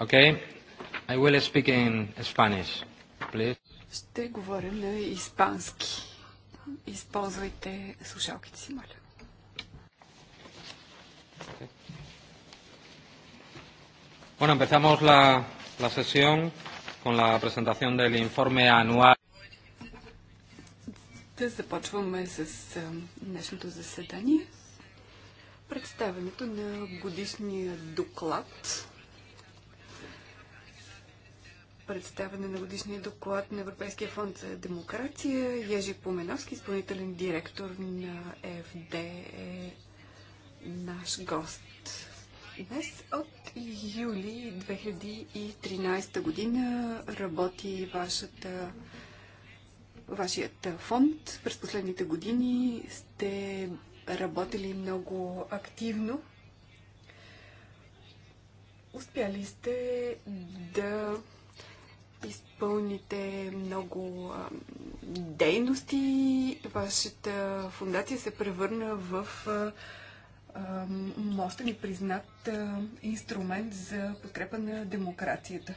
Okay. I will speak in Spanish, please. Ще говоря на испански. Използвайте слушалките си, моля. Bueno, empezamos la, la sesión con la presentación del informe anual. Да започваме с днешното заседание. Представянето на годишния доклад представяне на годишния доклад на Европейския фонд за демокрация. Ежи Поменовски, изпълнителен директор на ФД е наш гост. Днес от юли 2013 година работи вашата, вашият фонд. През последните години сте работили много активно. Успяли сте да изпълните много дейности. Вашата фундация се превърна в моста ни признат инструмент за подкрепа на демокрацията.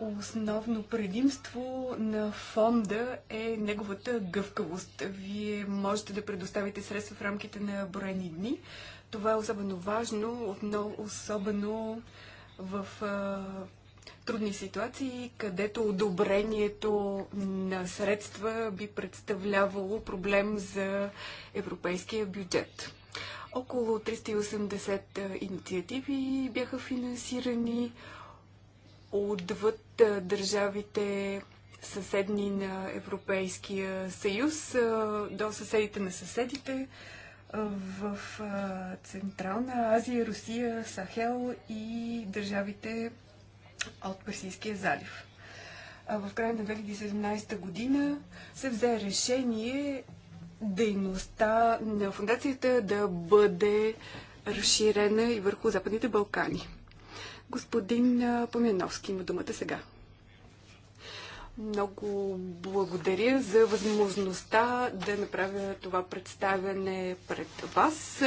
Основно предимство на фонда е неговата гъвкавост. Вие можете да предоставите средства в рамките на броени дни. Това е особено важно, особено в а, трудни ситуации, където одобрението на средства би представлявало проблем за европейския бюджет. Около 380 инициативи бяха финансирани отвъд държавите съседни на Европейския съюз до съседите на съседите в Централна Азия, Русия, Сахел и държавите от Персийския залив. В края на 2017 година се взе решение дейността на фундацията да бъде разширена и върху Западните Балкани. Господин Поминовски има думата сега. Много благодаря за възможността да направя това представяне пред вас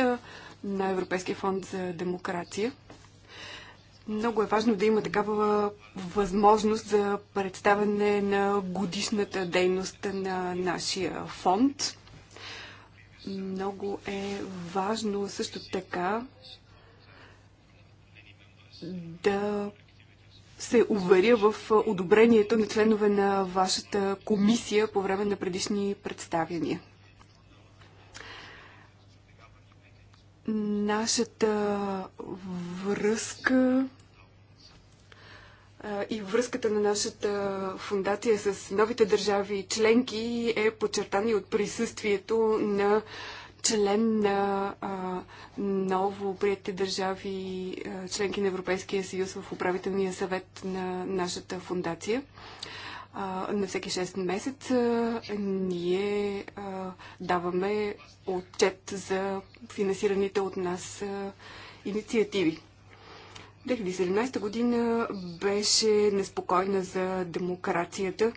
на Европейския фонд за демокрация. Много е важно да има такава възможност за представяне на годишната дейност на нашия фонд. Много е важно също така да се уверя в одобрението на членове на вашата комисия по време на предишни представяния. Нашата връзка и връзката на нашата фундация с новите държави членки е подчертана и от присъствието на член на а, ново приятите държави, а, членки на Европейския съюз в управителния съвет на нашата фундация. А, на всеки 6 месеца ние а, даваме отчет за финансираните от нас а, инициативи. 2017 година беше неспокойна за демокрацията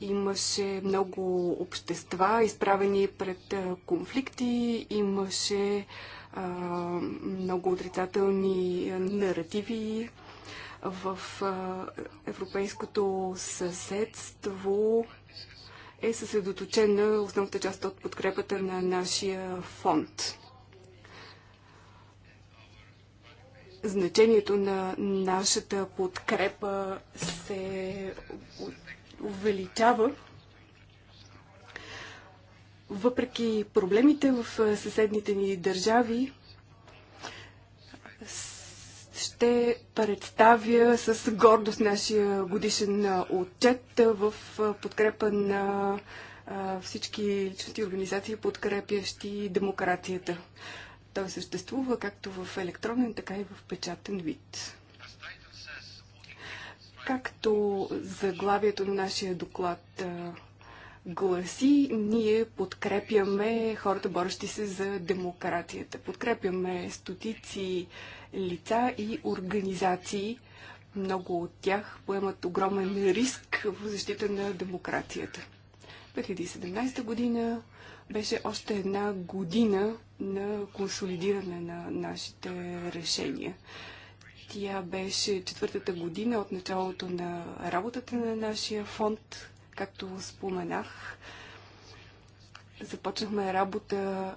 Имаше много общества, изправени пред конфликти, имаше а, много отрицателни наративи в а, европейското съседство е съсредоточена основната част от подкрепата на нашия фонд. Значението на нашата подкрепа се увеличава, въпреки проблемите в е, съседните ни държави, ще представя с гордост нашия годишен е, отчет е, в подкрепа на всички личности организации, подкрепящи демокрацията. Той съществува както в електронен, така и в печатен вид. Както заглавието на нашия доклад а, гласи, ние подкрепяме хората, борещи се за демокрацията. Подкрепяме стотици лица и организации. Много от тях поемат огромен риск в защита на демокрацията. 2017 година беше още една година на консолидиране на нашите решения. Тя беше четвъртата година от началото на работата на нашия фонд, както споменах. Започнахме работа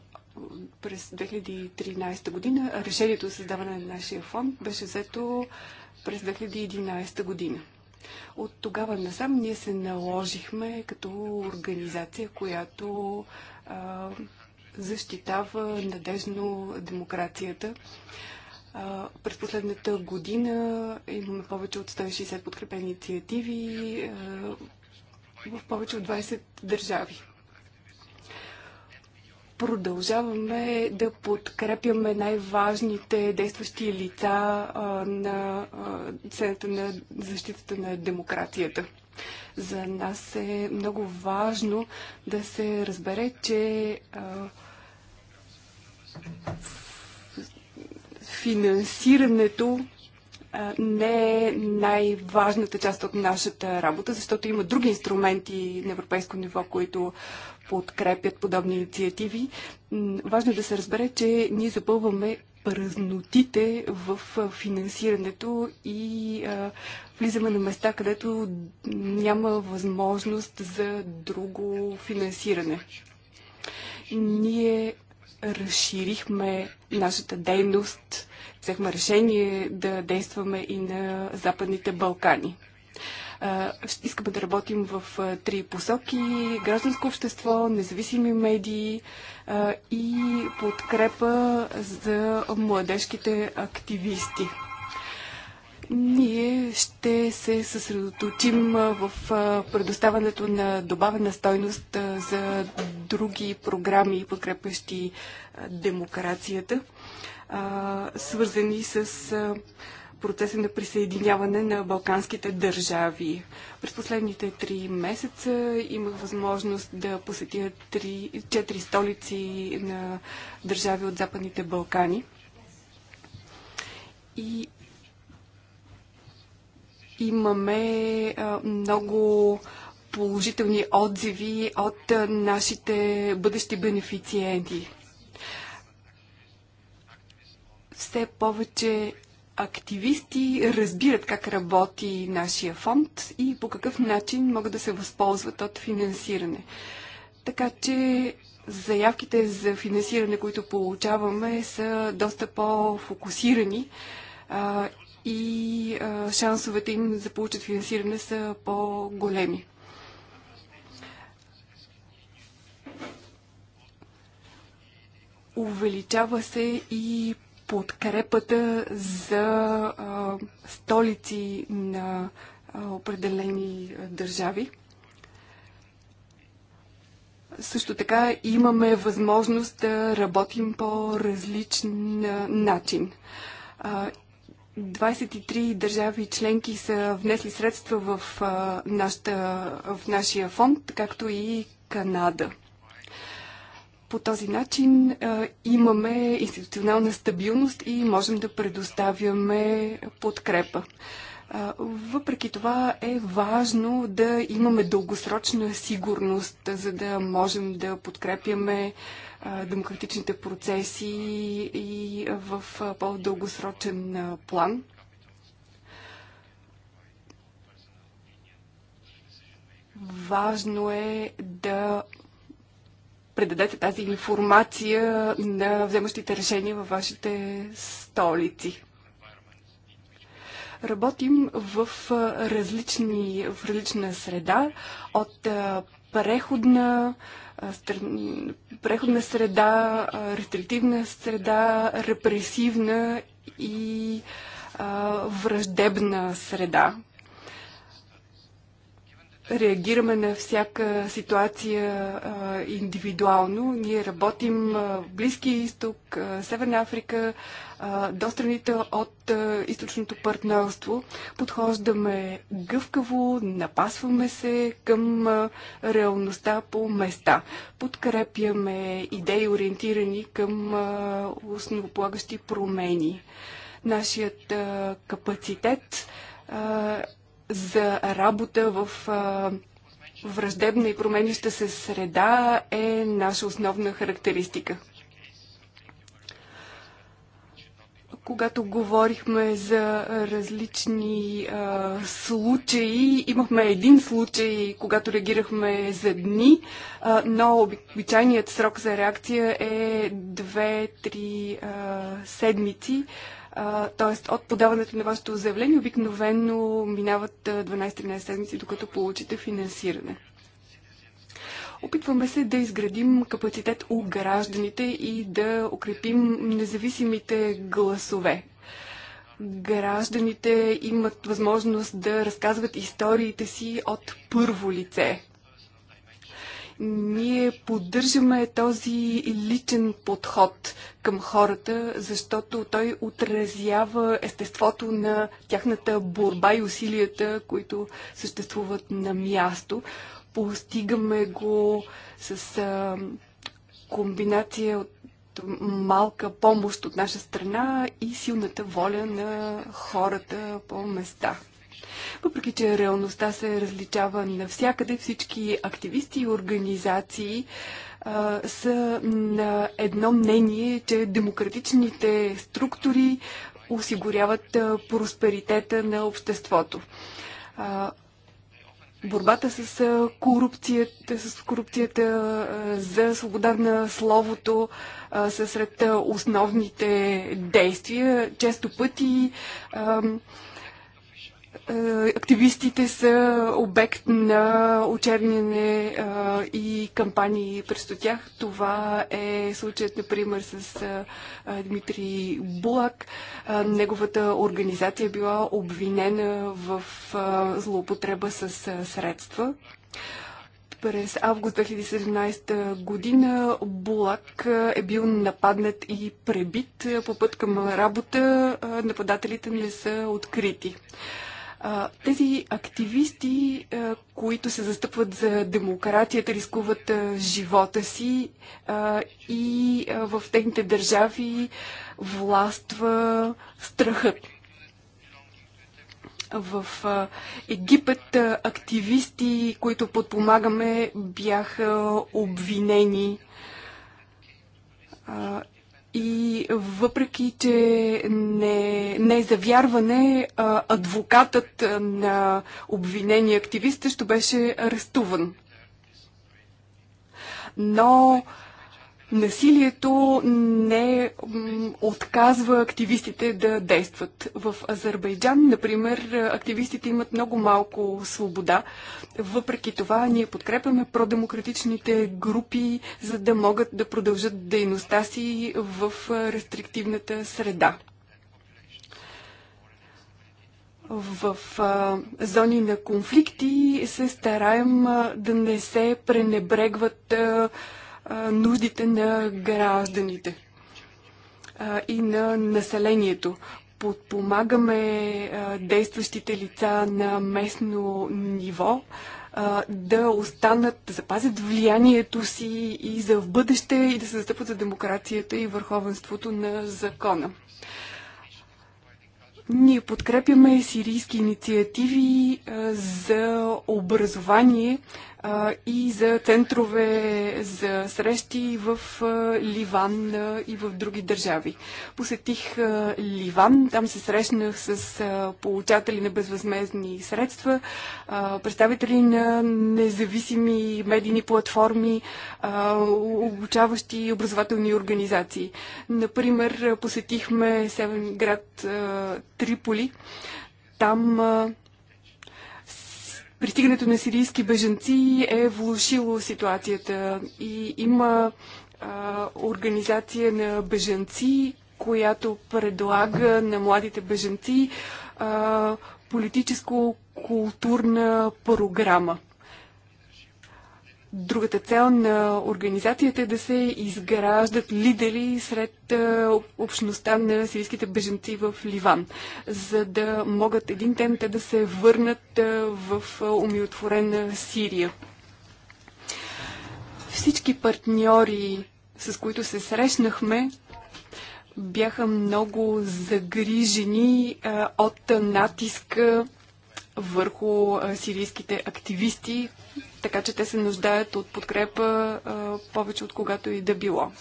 през 2013 година. Решението за създаване на нашия фонд беше взето през 2011 година. От тогава насам ние се наложихме като организация, която а, защитава надежно демокрацията. А, през последната година имаме повече от 160 подкрепени инициативи в повече от 20 държави. Продължаваме да подкрепяме най-важните действащи лица на цената на защитата на демокрацията. За нас е много важно да се разбере, че финансирането не е най-важната част от нашата работа, защото има други инструменти на европейско ниво, които подкрепят подобни инициативи. Важно е да се разбере, че ние запълваме празнотите в финансирането и влизаме на места, където няма възможност за друго финансиране. Ние разширихме нашата дейност, взехме решение да действаме и на Западните Балкани. Искаме да работим в три посоки гражданско общество, независими медии и подкрепа за младежките активисти. Ние ще се съсредоточим в предоставането на добавена стойност за други програми, подкрепящи демокрацията, свързани с процеса на присъединяване на балканските държави. През последните три месеца имах възможност да посетя три, четири столици на държави от Западните Балкани. И имаме много положителни отзиви от нашите бъдещи бенефициенти. Все повече активисти разбират как работи нашия фонд и по какъв начин могат да се възползват от финансиране. Така че заявките за финансиране, които получаваме, са доста по-фокусирани и а, шансовете им да получат финансиране са по-големи. Увеличава се и подкрепата за а, столици на а, определени държави. Също така имаме възможност да работим по различен начин. А, 23 държави членки са внесли средства в, нашата, в нашия фонд, както и Канада. По този начин а, имаме институционална стабилност и можем да предоставяме подкрепа. Въпреки това е важно да имаме дългосрочна сигурност, за да можем да подкрепяме демократичните процеси и в по-дългосрочен план. Важно е да предадете тази информация на вземащите решения във вашите столици. Работим в различни, в различна среда, от преходна, преходна среда, рестриктивна среда, репресивна и враждебна среда реагираме на всяка ситуация а, индивидуално. Ние работим в Близкия изток, а, Северна Африка, а, до страните от а, източното партньорство. Подхождаме гъвкаво, напасваме се към а, реалността по места. Подкрепяме идеи, ориентирани към а, основополагащи промени. Нашият а, капацитет а, за работа в враждебна и променяща се среда е наша основна характеристика. когато говорихме за различни а, случаи, имахме един случай, когато реагирахме за дни, а, но обичайният срок за реакция е 2-3 седмици т.е. от подаването на вашето заявление обикновено минават 12-13 седмици, докато получите финансиране. Опитваме се да изградим капацитет у гражданите и да укрепим независимите гласове. Гражданите имат възможност да разказват историите си от първо лице. Ние поддържаме този личен подход към хората, защото той отразява естеството на тяхната борба и усилията, които съществуват на място. Постигаме го с а, комбинация от малка помощ от наша страна и силната воля на хората по места. Въпреки, че реалността се различава навсякъде, всички активисти и организации а, са на едно мнение, че демократичните структури осигуряват а, просперитета на обществото. А, борбата с корупцията, с корупцията за свобода на словото са сред основните действия. Често пъти е, активистите са обект на очерняне е, и кампании през тях. Това е случаят, например, с е, Дмитрий Булак. Неговата организация била обвинена в злоупотреба с средства. През август 2017 година Булак е бил нападнат и пребит по път към работа. Нападателите не са открити. А, тези активисти, а, които се застъпват за демократията, рискуват а, живота си а, и а, в техните държави властва страхът. В а, Египет а, активисти, които подпомагаме, бяха обвинени и въпреки, че не, не е завярване, адвокатът на обвинения активист ще беше арестуван. Но Насилието не отказва активистите да действат. В Азербайджан, например, активистите имат много малко свобода. Въпреки това, ние подкрепяме продемократичните групи, за да могат да продължат дейността си в рестриктивната среда в а, зони на конфликти се стараем а, да не се пренебрегват а, нуждите на гражданите и на населението. Подпомагаме действащите лица на местно ниво да останат, да запазят влиянието си и за в бъдеще и да се застъпват за демокрацията и върховенството на закона. Ние подкрепяме сирийски инициативи за образование и за центрове за срещи в Ливан и в други държави. Посетих Ливан, там се срещнах с получатели на безвъзмезни средства, представители на независими медийни платформи, обучаващи образователни организации. Например, посетихме Севен град Триполи. Там Пристигането на сирийски бежанци е влушило ситуацията и има а, организация на бежанци, която предлага на младите бежанци политическо-културна програма. Другата цел на организацията е да се изграждат лидери сред общността на сирийските беженци в Ливан, за да могат един ден те да се върнат в умилотворена Сирия. Всички партньори, с които се срещнахме, бяха много загрижени от натиска върху сирийските активисти, така че те се нуждаят от подкрепа повече от когато и да било.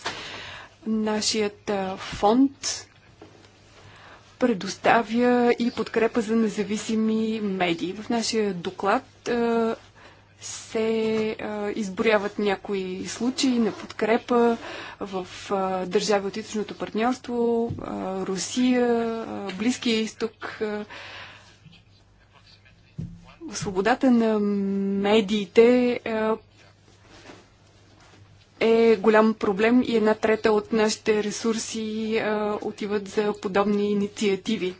Нашият фонд предоставя и подкрепа за независими медии. В нашия доклад се изборяват някои случаи на подкрепа в държави от източното партньорство, Русия, Близкия изток, свободата на медиите е, е голям проблем и една трета от нашите ресурси а, е, отиват за подобни инициативи.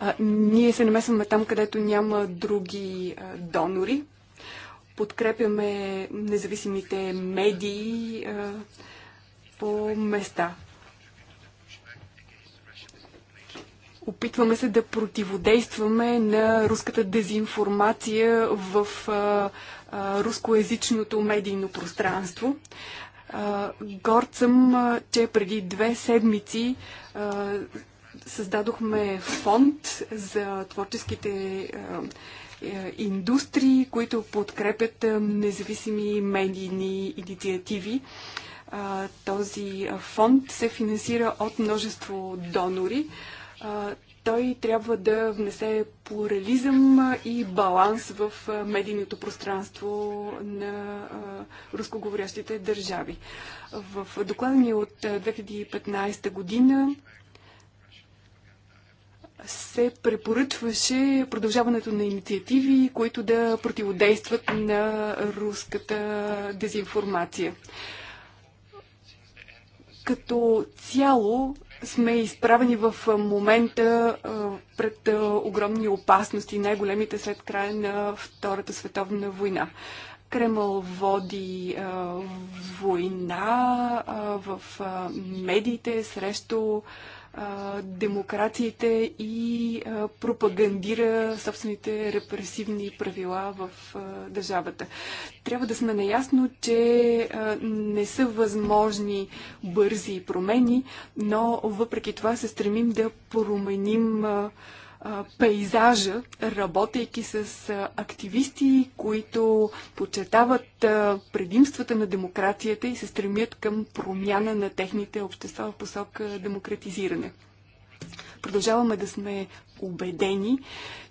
А, ние се намесваме там, където няма други а, е, донори. Подкрепяме независимите медии а, по места. Опитваме се да противодействаме на руската дезинформация в а, а, рускоязичното медийно пространство. А, горд съм, а, че преди две седмици а, създадохме фонд за творческите а, е, индустрии, които подкрепят независими медийни инициативи. Този фонд се финансира от множество донори той трябва да внесе плурализъм и баланс в медийното пространство на рускоговорящите държави. В доклада ни от 2015 година се препоръчваше продължаването на инициативи, които да противодействат на руската дезинформация. Като цяло сме изправени в момента пред огромни опасности, най-големите след края на Втората световна война. Кремъл води война в медиите срещу демокрациите и пропагандира собствените репресивни правила в държавата. Трябва да сме наясно, че не са възможни бързи промени, но въпреки това се стремим да променим пейзажа, работейки с активисти, които подчертават предимствата на демокрацията и се стремят към промяна на техните общества в посока демократизиране. Продължаваме да сме убедени,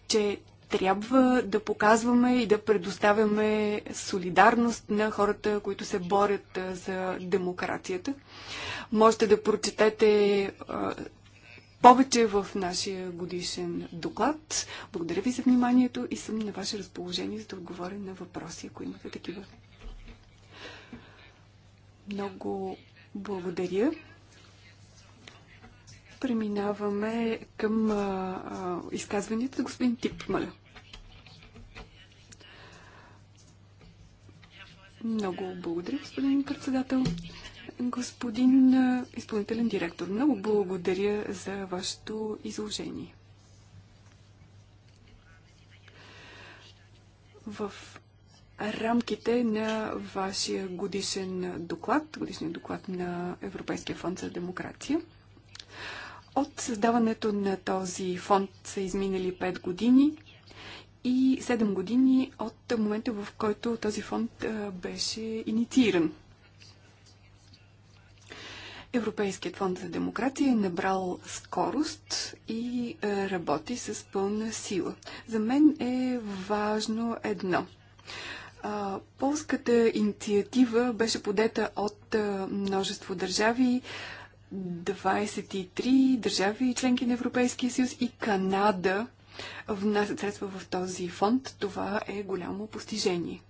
че трябва да показваме и да предоставяме солидарност на хората, които се борят за демокрацията. Можете да прочетете повече в нашия годишен доклад. Благодаря ви за вниманието и съм на ваше разположение, за да отговоря на въпроси, ако имате такива. Много благодаря. Преминаваме към а, а, изказванията. Господин Тип, моля. Много благодаря, господин председател господин изпълнителен директор. Много благодаря за вашето изложение. В рамките на вашия годишен доклад, годишния доклад на Европейския фонд за демокрация, от създаването на този фонд са изминали 5 години и 7 години от момента, в който този фонд беше иницииран. Европейският фонд за демокрация е набрал скорост и е, работи с пълна сила. За мен е важно едно. Полската инициатива беше подета от е, множество държави, 23 държави, членки на Европейския съюз и Канада внасят средства в този фонд. Това е голямо постижение.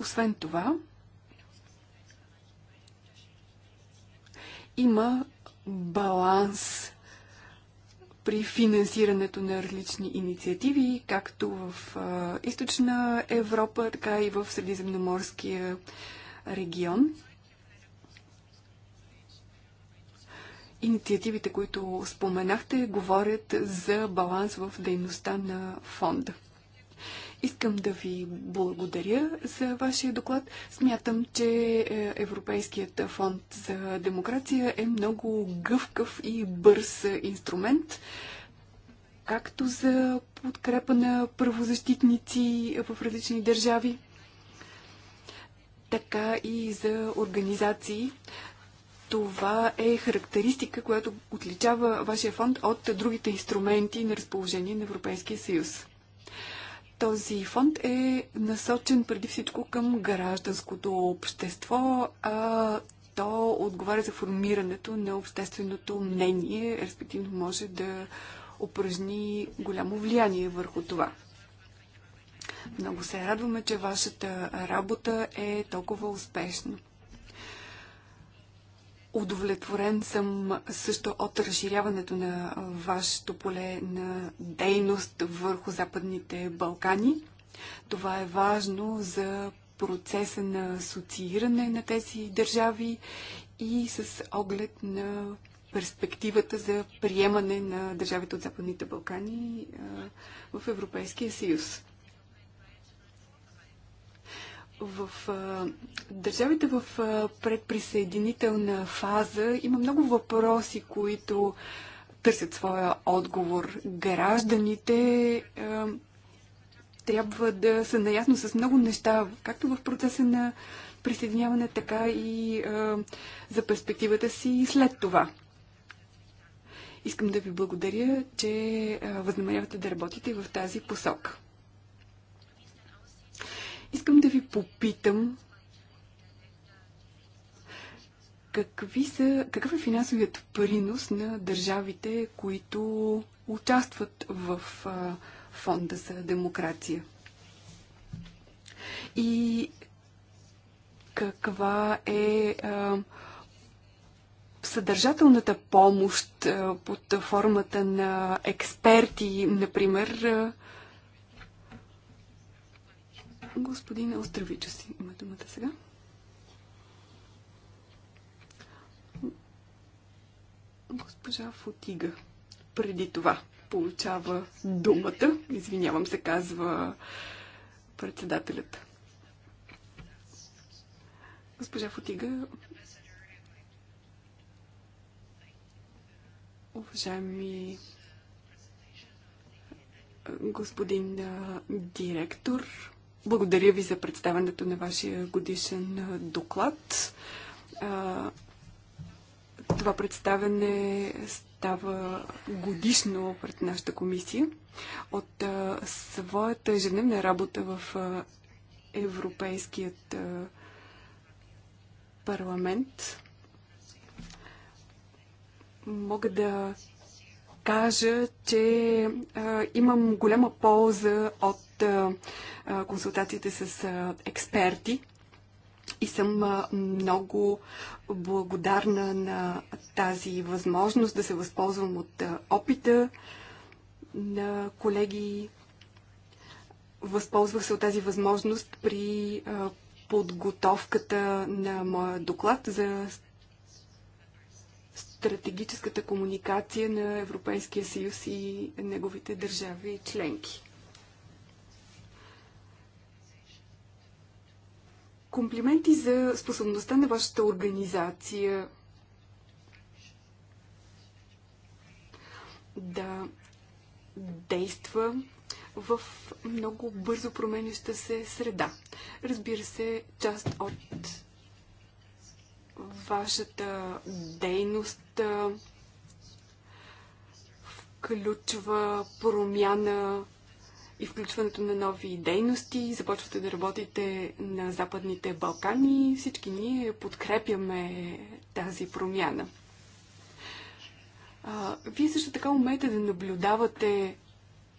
Освен това, има баланс при финансирането на различни инициативи, както в а, източна Европа, така и в Средиземноморския регион. Инициативите, които споменахте, говорят за баланс в дейността на фонда. Искам да ви благодаря за вашия доклад. Смятам, че е, Европейският фонд за демокрация е много гъвкав и бърз инструмент, както за подкрепа на правозащитници в различни държави, така и за организации. Това е характеристика, която отличава вашия фонд от другите инструменти на разположение на Европейския съюз. Този фонд е насочен преди всичко към гражданското общество, а то отговаря за формирането на общественото мнение, респективно може да упражни голямо влияние върху това. Много се радваме, че вашата работа е толкова успешна. Удовлетворен съм също от разширяването на вашето поле на дейност върху Западните Балкани. Това е важно за процеса на асоцииране на тези държави и с оглед на перспективата за приемане на държавите от Западните Балкани в Европейския съюз. В а, държавите в а, предприсъединителна фаза има много въпроси, които търсят своя отговор. Гражданите а, трябва да са наясно с много неща, както в процеса на присъединяване, така и а, за перспективата си след това. Искам да ви благодаря, че възнамерявате да работите в тази посока. Искам да ви попитам какви са, какъв е финансовият принос на държавите, които участват в а, Фонда за демокрация? И каква е а, съдържателната помощ а, под формата на експерти, например, а, Господин Остравичо си има думата сега. Госпожа Фотига преди това получава думата. Извинявам се, казва председателят. Госпожа Фотига, уважаеми господин директор, благодаря ви за представенето на вашия годишен доклад. Това представене става годишно пред нашата комисия. От своята ежедневна работа в Европейският парламент мога да кажа, че а, имам голяма полза от а, консултациите с а, експерти и съм а, много благодарна на тази възможност да се възползвам от а, опита на колеги. Възползвах се от тази възможност при а, подготовката на моя доклад за стратегическата комуникация на Европейския съюз и неговите държави членки. Комплименти за способността на вашата организация да действа в много бързо променяща се среда. Разбира се, част от Вашата дейност включва промяна и включването на нови дейности. Започвате да работите на Западните Балкани. Всички ние подкрепяме тази промяна. вие също така умеете да наблюдавате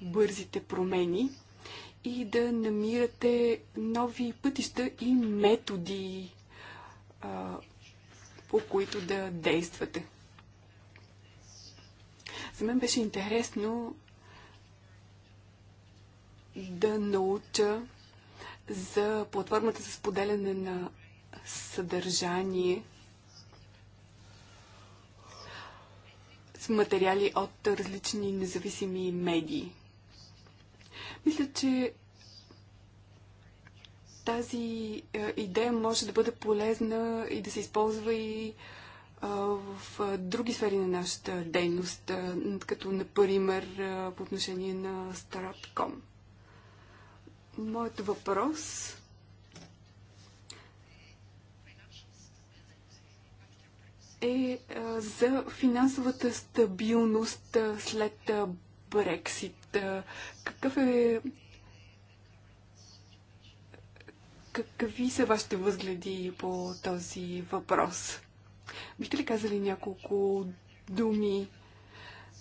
бързите промени и да намирате нови пътища и методи, по които да действате. За мен беше интересно да науча за платформата за споделяне на съдържание с материали от различни независими медии. Мисля, че тази е, идея може да бъде полезна и да се използва и е, в е, други сфери на нашата дейност, като например по отношение на Startup.com. Моят въпрос е за финансовата стабилност след Брексит. Какъв е Какви са вашите възгледи по този въпрос? Бихте ли казали няколко думи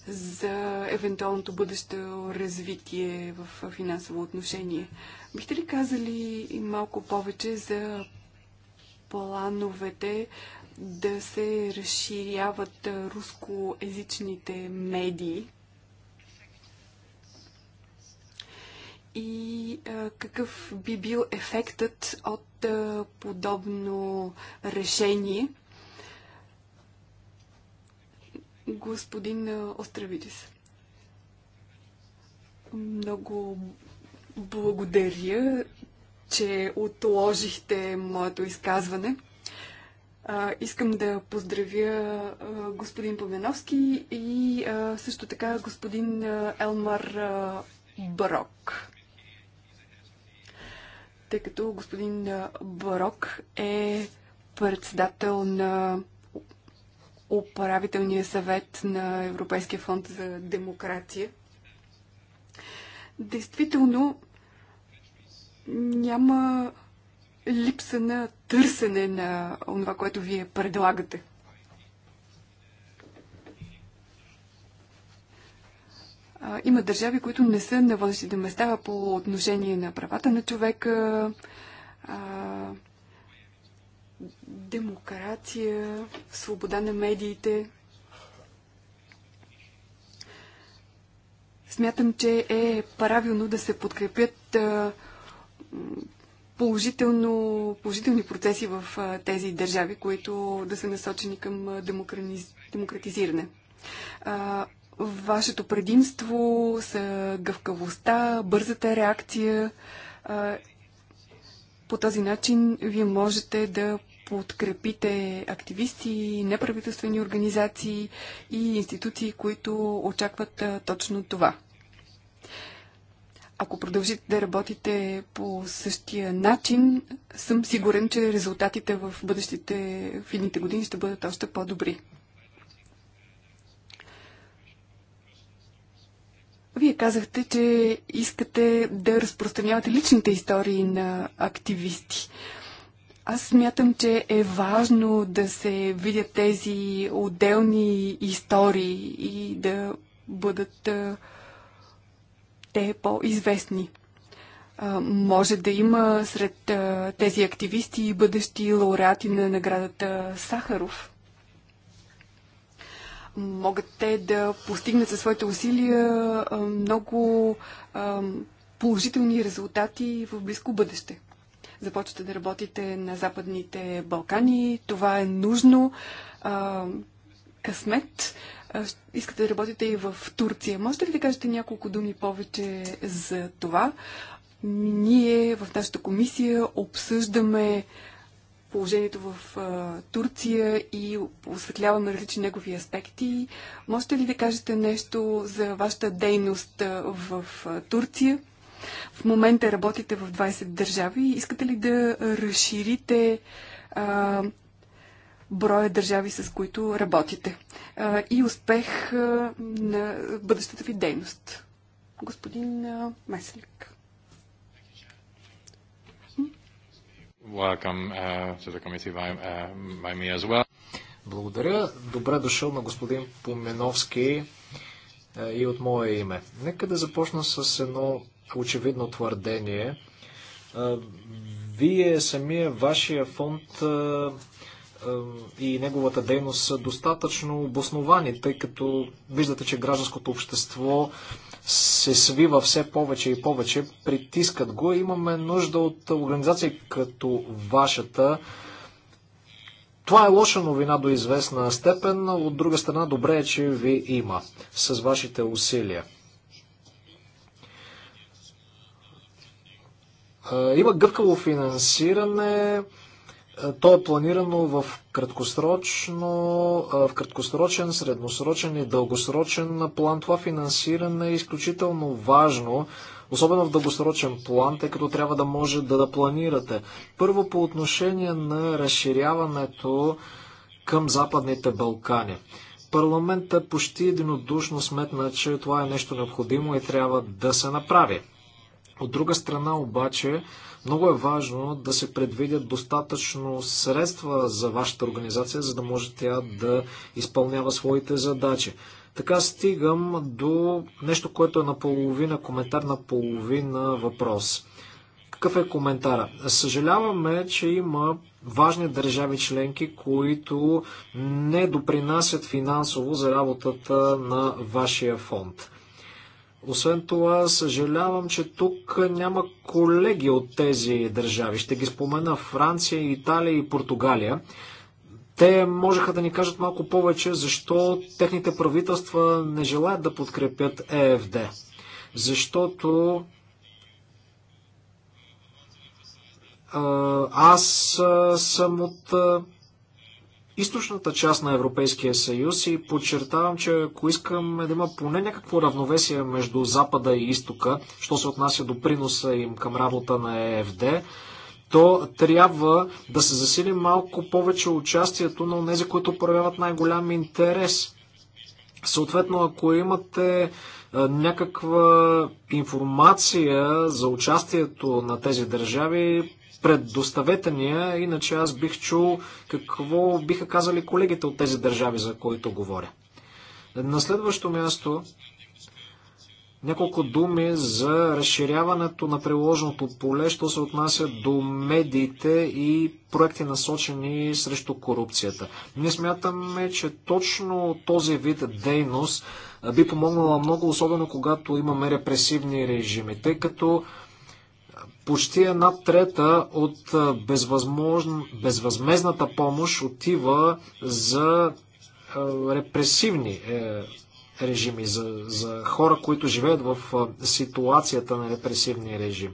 за евентуалното бъдещо развитие в финансово отношение? Бихте ли казали малко повече за плановете да се разширяват рускоязичните медии? и а, какъв би бил ефектът от а, подобно решение. Господин Остравидис. Много благодаря, че отложихте моето изказване. А, искам да поздравя а, господин Помяновски и а, също така господин а, Елмар а, Брок тъй като господин Барок е председател на управителния съвет на Европейския фонд за демокрация. Действително няма липса на търсене на това, което вие предлагате. А, има държави, които не са на външните места по отношение на правата на човека, а, демокрация, свобода на медиите. Смятам, че е правилно да се подкрепят а, положително, положителни процеси в а, тези държави, които да са насочени към демократизиране. Вашето предимство са гъвкавостта, бързата реакция. По този начин вие можете да подкрепите активисти, неправителствени организации и институции, които очакват точно това. Ако продължите да работите по същия начин, съм сигурен, че резултатите в бъдещите, в едните години ще бъдат още по-добри. Вие казахте, че искате да разпространявате личните истории на активисти. Аз смятам, че е важно да се видят тези отделни истории и да бъдат те по-известни. Може да има сред тези активисти и бъдещи лауреати на наградата Сахаров могат те да постигнат със своите усилия много положителни резултати в близко бъдеще. Започвате да работите на Западните Балкани. Това е нужно. Късмет. Искате да работите и в Турция. Можете ли да кажете няколко думи повече за това? Ние в нашата комисия обсъждаме положението в а, Турция и осветляваме различни негови аспекти. Можете ли да кажете нещо за вашата дейност а, в а, Турция? В момента работите в 20 държави. Искате ли да разширите а, броя държави, с които работите? А, и успех а, на бъдещата ви дейност? Господин а, Меселик. welcome uh, to the committee by, uh, by me as well. Благодаря. Добре дошъл на господин Поменовски е, и от мое име. Нека да започна с едно очевидно твърдение. Е, вие самия, вашия фонд е, и неговата дейност са достатъчно обосновани, тъй като виждате, че гражданското общество се свива все повече и повече, притискат го. Имаме нужда от организации като вашата. Това е лоша новина до известна степен, но от друга страна добре е, че ви има с вашите усилия. Има гъвкаво финансиране, е, то е планирано в, краткосрочно, е, в краткосрочен, средносрочен и дългосрочен план. Това финансиране е изключително важно, особено в дългосрочен план, тъй като трябва да може да, да планирате. Първо по отношение на разширяването към Западните Балкани. парламентът е почти единодушно сметна, че това е нещо необходимо и трябва да се направи. От друга страна обаче, много е важно да се предвидят достатъчно средства за вашата организация, за да може тя да изпълнява своите задачи. Така стигам до нещо, което е наполовина коментар, наполовина въпрос. Какъв е коментара? Съжаляваме, че има важни държави членки, които не допринасят финансово за работата на вашия фонд. Освен това, съжалявам, че тук няма колеги от тези държави. Ще ги спомена Франция, Италия и Португалия. Те можеха да ни кажат малко повече защо техните правителства не желаят да подкрепят ЕФД. Защото аз съм от източната част на Европейския съюз и подчертавам, че ако искаме да има поне някакво равновесие между Запада и Изтока, що се отнася до приноса им към работа на ЕФД, то трябва да се засили малко повече участието на тези, които проявяват най-голям интерес. Съответно, ако имате някаква информация за участието на тези държави, предоставете ни я, иначе аз бих чул какво биха казали колегите от тези държави, за които говоря. На следващо място няколко думи за разширяването на приложеното поле, що се отнася до медиите и проекти насочени срещу корупцията. Ние смятаме, че точно този вид дейност би помогнала много, особено когато имаме репресивни режими, тъй като почти една трета от безвъзмезната помощ отива за репресивни е, режими, за, за хора, които живеят в ситуацията на репресивния режим.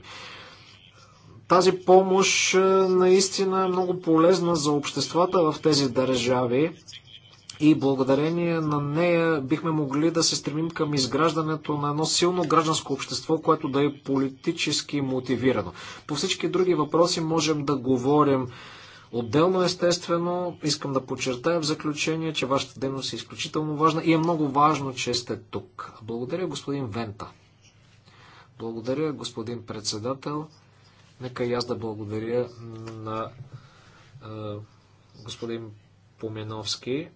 Тази помощ наистина е много полезна за обществата в тези държави и благодарение на нея бихме могли да се стремим към изграждането на едно силно гражданско общество, което да е политически мотивирано. По всички други въпроси можем да говорим отделно, естествено. Искам да подчертая в заключение, че вашата дейност е изключително важна и е много важно, че сте тук. Благодаря, господин Вента. Благодаря, господин председател. Нека и аз да благодаря на е, господин Поминовски.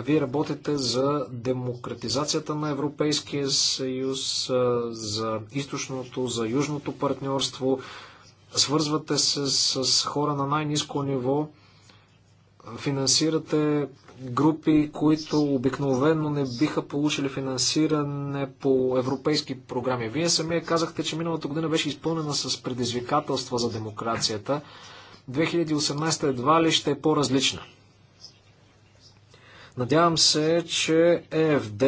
Вие работите за демократизацията на Европейския съюз, за източното, за южното партньорство. Свързвате се с, с хора на най-низко ниво, финансирате групи, които обикновено не биха получили финансиране по европейски програми. Вие самия казахте, че миналата година беше изпълнена с предизвикателства за демокрацията. 2018 едва ли ще е по-различна Надявам се, че ЕФД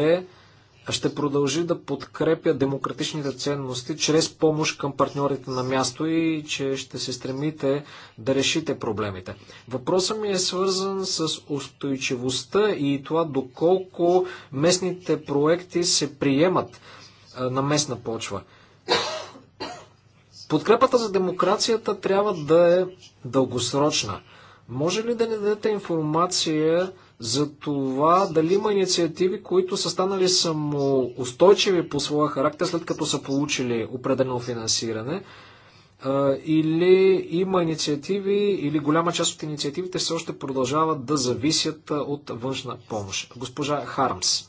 ще продължи да подкрепя демократичните ценности чрез помощ към партньорите на място и че ще се стремите да решите проблемите. Въпросът ми е свързан с устойчивостта и това доколко местните проекти се приемат на местна почва. Подкрепата за демокрацията трябва да е дългосрочна. Може ли да ни дадете информация за това дали има инициативи, които са станали самоустойчиви по своя характер, след като са получили определено финансиране, или има инициативи, или голяма част от инициативите все още продължават да зависят от външна помощ. Госпожа Хармс,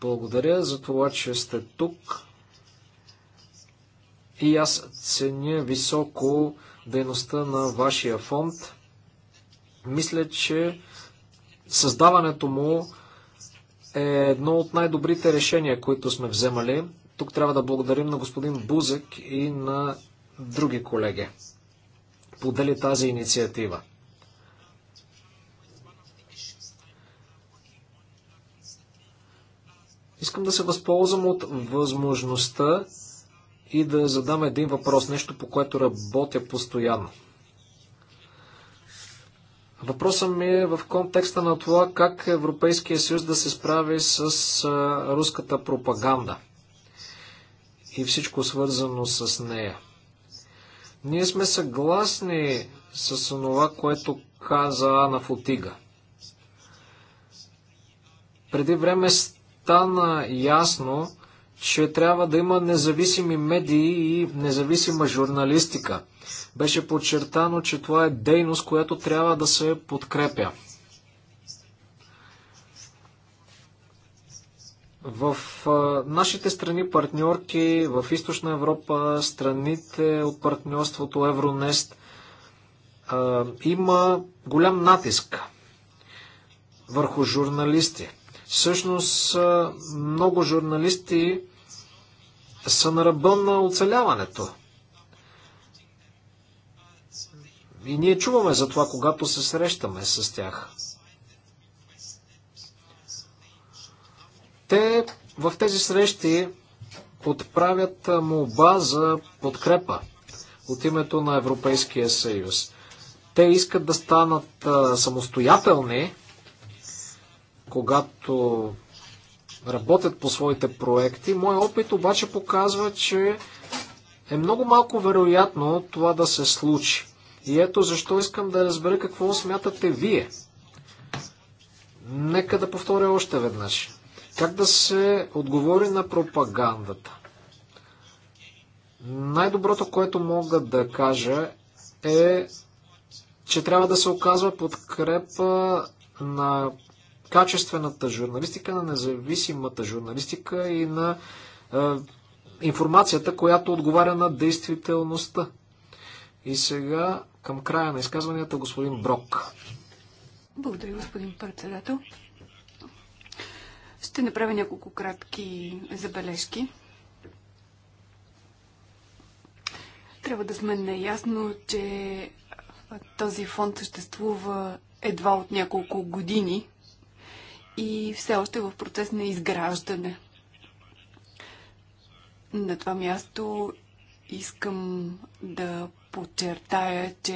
благодаря за това, че сте тук. И аз ценя високо дейността на вашия фонд. Мисля, че създаването му е едно от най-добрите решения, които сме вземали. Тук трябва да благодарим на господин Бузек и на други колеги. Подели тази инициатива. Искам да се възползвам от възможността и да задам един въпрос, нещо по което работя постоянно. Въпросът ми е в контекста на това как Европейския съюз да се справи с руската пропаганда и всичко свързано с нея. Ние сме съгласни с това, което каза Ана Фотига. Преди време стана ясно, че трябва да има независими медии и независима журналистика – беше подчертано, че това е дейност, която трябва да се подкрепя. В нашите страни партньорки, в Източна Европа, страните от партньорството Евронест, има голям натиск върху журналисти. Всъщност, много журналисти са на ръба на оцеляването. И ние чуваме за това, когато се срещаме с тях. Те в тези срещи подправят молба за подкрепа от името на Европейския съюз. Те искат да станат самостоятелни, когато работят по своите проекти. Моят опит обаче показва, че е много малко вероятно това да се случи. И ето защо искам да разбера какво смятате вие. Нека да повторя още веднъж. Как да се отговори на пропагандата? Най-доброто, което мога да кажа е, че трябва да се оказва подкрепа на качествената журналистика, на независимата журналистика и на е, информацията, която отговаря на действителността. И сега към края на изказванията господин Брок. Благодаря, господин председател. Ще направя няколко кратки забележки. Трябва да сме наясно, че този фонд съществува едва от няколко години и все още е в процес на изграждане. На това място искам да подчертая, че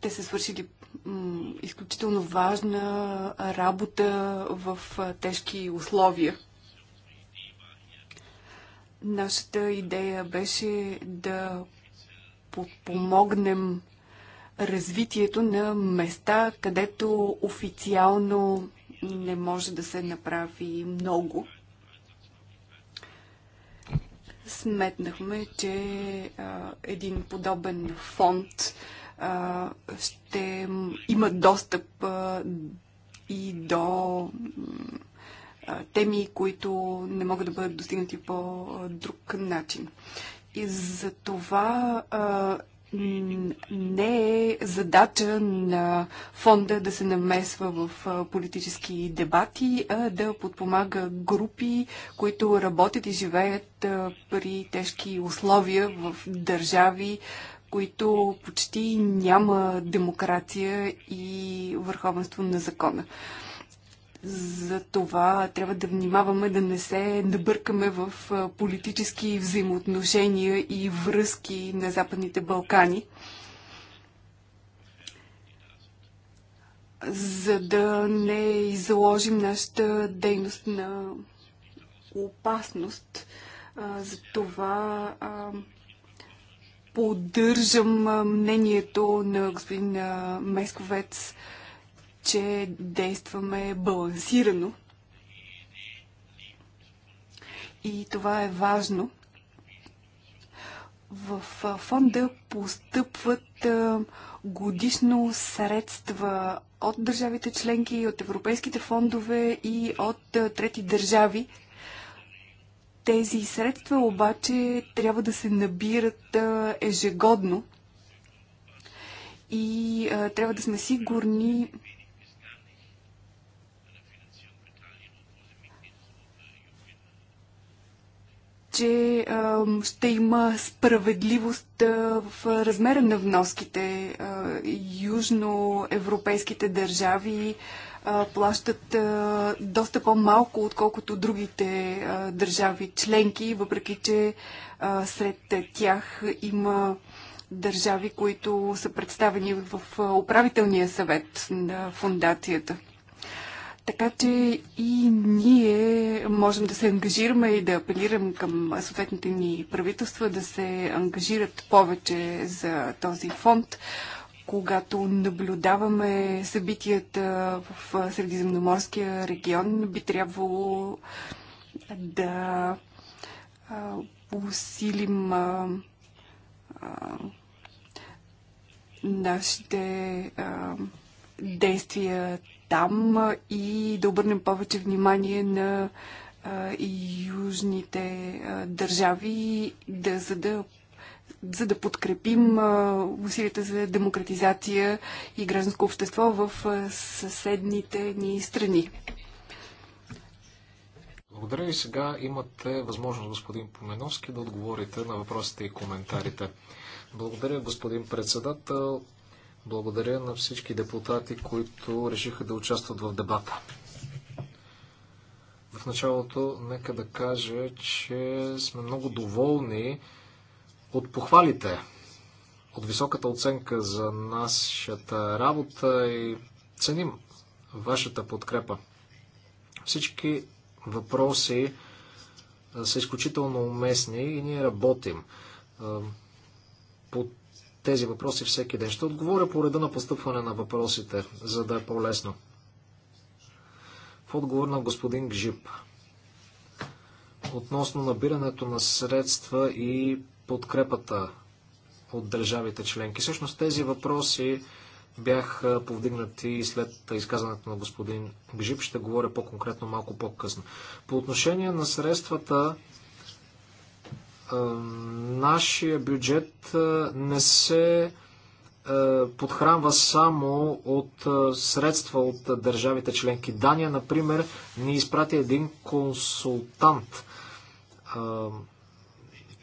те са свършили изключително важна работа в тежки условия. Нашата идея беше да подпомогнем развитието на места, където официално не може да се направи много. Сметнахме, че а, един подобен фонд а, ще има достъп а, и до а, теми, които не могат да бъдат достигнати по друг начин. И за това а, не е задача на фонда да се намесва в политически дебати, а да подпомага групи, които работят и живеят при тежки условия в държави, които почти няма демокрация и върховенство на закона. За това трябва да внимаваме да не се набъркаме в политически взаимоотношения и връзки на Западните Балкани, за да не изложим нашата дейност на опасност. За това поддържам мнението на господин Месковец че действаме балансирано. И това е важно. В фонда постъпват годишно средства от държавите членки, от европейските фондове и от трети държави. Тези средства обаче трябва да се набират ежегодно и трябва да сме сигурни, че ще има справедливост в размера на вноските. южноевропейските държави плащат доста по-малко, отколкото другите държави членки, въпреки че сред тях има държави, които са представени в управителния съвет на фундацията. Така че и ние можем да се ангажираме и да апелирам към съответните ни правителства да се ангажират повече за този фонд, когато наблюдаваме събитията в Средиземноморския регион, би трябвало да усилим нашите действия там и да обърнем повече внимание на южните държави, да, за, да, за да подкрепим усилията за демократизация и гражданско общество в съседните ни страни. Благодаря ви. Сега имате възможност, господин Поменовски, да отговорите на въпросите и коментарите. Благодаря, господин председател. Благодаря на всички депутати, които решиха да участват в дебата. В началото нека да кажа, че сме много доволни от похвалите, от високата оценка за нашата работа и ценим вашата подкрепа. Всички въпроси са изключително уместни и ние работим по тези въпроси всеки ден. Ще отговоря по реда на постъпване на въпросите, за да е по-лесно. В отговор на господин Гжип относно набирането на средства и подкрепата от държавите членки. Всъщност тези въпроси бяха повдигнати и след изказването на господин Гжип. Ще говоря по-конкретно малко по-късно. По отношение на средствата е, нашия бюджет е, не се е, подхранва само от средства от държавите членки. Дания, например, ни изпрати един консултант.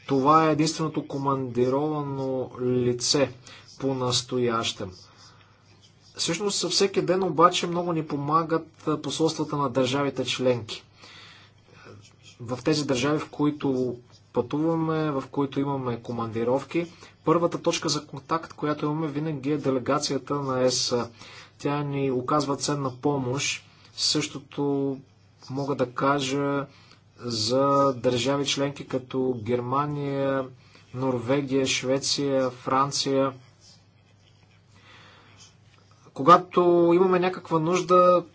Това е единственото командировано лице по настоящем. Всъщност всеки ден обаче много ни помагат посолствата на държавите членки. В тези държави, в които пътуваме, в които имаме командировки. Първата точка за контакт, която имаме винаги е делегацията на ЕС. Тя ни оказва ценна помощ. Същото мога да кажа за държави членки като Германия, Норвегия, Швеция, Франция. Когато имаме някаква нужда,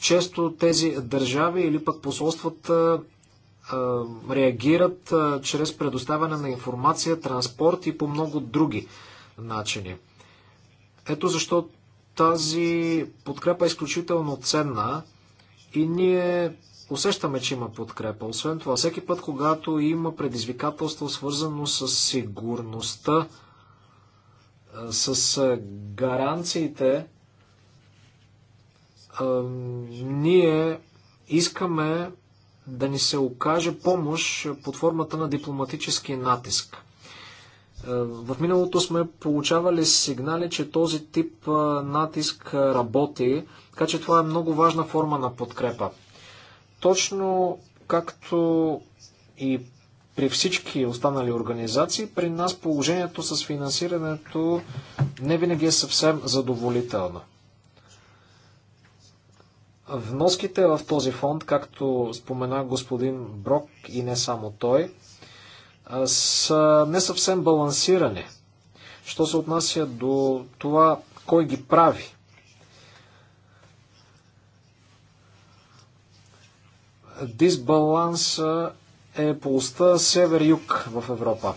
често тези държави или пък посолствата реагират чрез предоставяне на информация, транспорт и по много други начини. Ето защо тази подкрепа е изключително ценна и ние усещаме, че има подкрепа. Освен това, всеки път, когато има предизвикателство, свързано с сигурността, с гаранциите, ние искаме да ни се окаже помощ под формата на дипломатически натиск. Е, в миналото сме получавали сигнали, че този тип е, натиск работи, така че това е много важна форма на подкрепа. Точно както и при всички останали организации, при нас положението с финансирането не винаги е съвсем задоволително. Вноските в този фонд, както спомена господин Брок и не само той, са не съвсем балансирани. Що се отнася до това, кой ги прави? Дисбаланс е уста север-юг в Европа.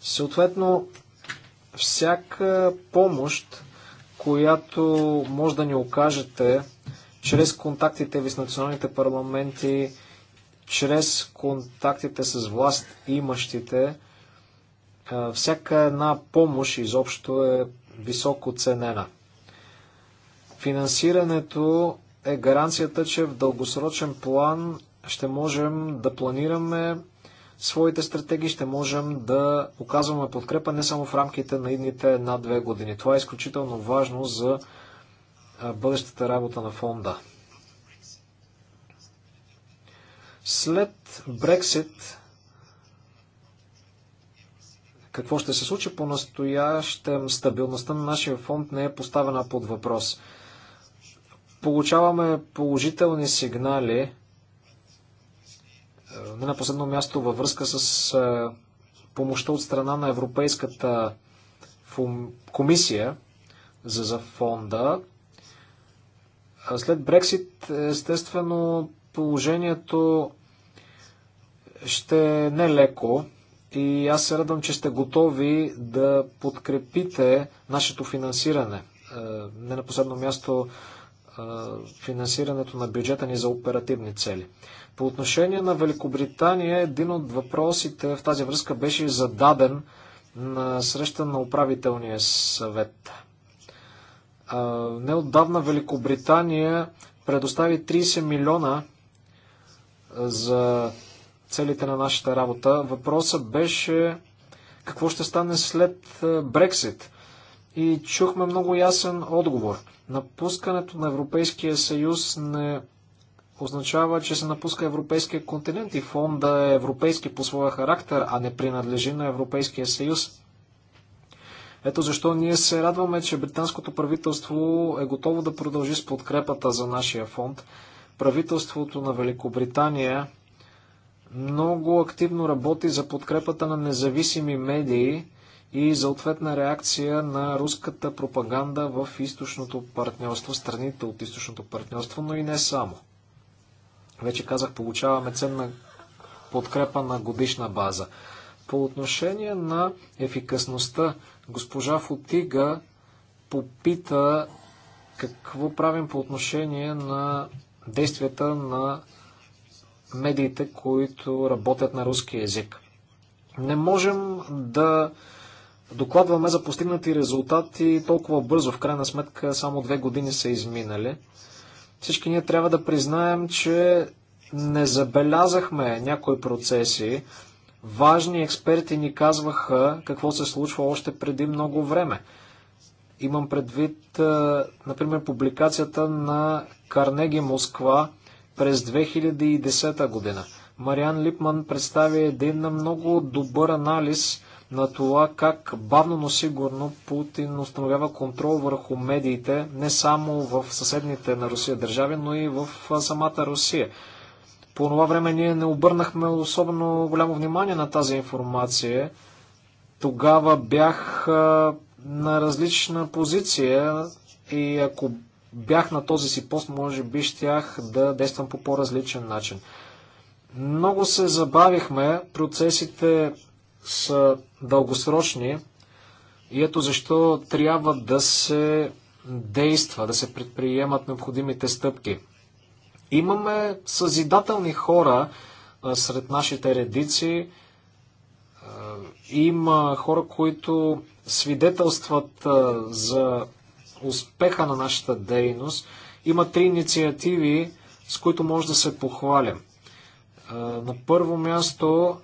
Съответно, всяка помощ която може да ни окажете чрез контактите ви с националните парламенти, чрез контактите с власт имащите. Всяка една помощ изобщо е високо ценена. Финансирането е гаранцията, че в дългосрочен план ще можем да планираме своите стратегии, ще можем да оказваме подкрепа не само в рамките на идните една-две години. Това е изключително важно за бъдещата работа на фонда. След Брексит, какво ще се случи по настоящем? Стабилността на нашия фонд не е поставена под въпрос. Получаваме положителни сигнали е, не на последно място във връзка с е, помощта от страна на Европейската комисия за, за фонда. Е, след Брексит, естествено, положението ще е нелеко и аз се радвам, че сте готови да подкрепите нашето финансиране. Не на последно място финансирането на бюджета ни за оперативни цели. По отношение на Великобритания, един от въпросите в тази връзка беше зададен на среща на управителния съвет. Неотдавна Великобритания предостави 30 милиона за целите на нашата работа. Въпросът беше какво ще стане след Брексит. И чухме много ясен отговор. Напускането на Европейския съюз не означава, че се напуска европейския континент и фонда е европейски по своя характер, а не принадлежи на Европейския съюз. Ето защо ние се радваме, че британското правителство е готово да продължи с подкрепата за нашия фонд. Правителството на Великобритания много активно работи за подкрепата на независими медии и за ответна реакция на руската пропаганда в източното партньорство, страните от източното партньорство, но и не само. Вече казах, получаваме ценна подкрепа на годишна база. По отношение на ефикасността, госпожа Фотига попита какво правим по отношение на действията на медиите, които работят на руски язик. Не можем да докладваме за постигнати резултати толкова бързо. В крайна сметка само две години са изминали. Всички ние трябва да признаем, че не забелязахме някои процеси. Важни експерти ни казваха какво се случва още преди много време. Имам предвид, например, публикацията на Карнеги Москва през 2010 година. Мариан Липман представи един много добър анализ на това как бавно, но сигурно Путин установява контрол върху медиите не само в съседните на Русия държави, но и в самата Русия. По това време ние не обърнахме особено голямо внимание на тази информация. Тогава бях на различна позиция и ако бях на този си пост, може би щях да действам по по-различен начин. Много се забавихме, процесите са дългосрочни и ето защо трябва да се действа, да се предприемат необходимите стъпки. Имаме съзидателни хора сред нашите редици. има хора, които свидетелстват за успеха на нашата дейност. Има три инициативи, с които може да се похвалям. На първо място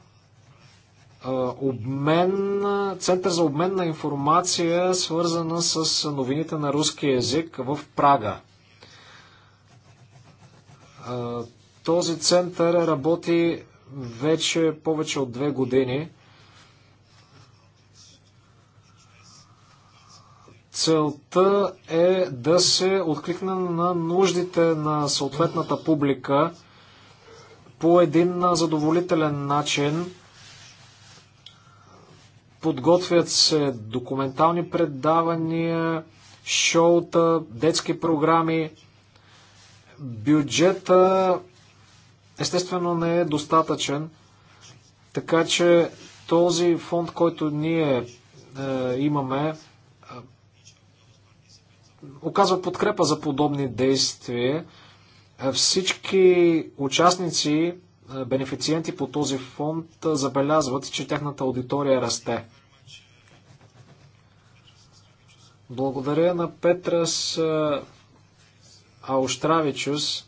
обмен, център за обмен на информация, свързана с новините на руски язик в Прага. Този център работи вече повече от две години. Целта е да се откликне на нуждите на съответната публика по един задоволителен начин Подготвят се документални предавания, шоута, детски програми. Бюджета естествено не е достатъчен, така че този фонд, който ние е, имаме, е, оказва подкрепа за подобни действия. Е, всички участници е, бенефициенти по този фонд е, забелязват, че тяхната аудитория расте. Благодаря на Петрас е, Аустравичус.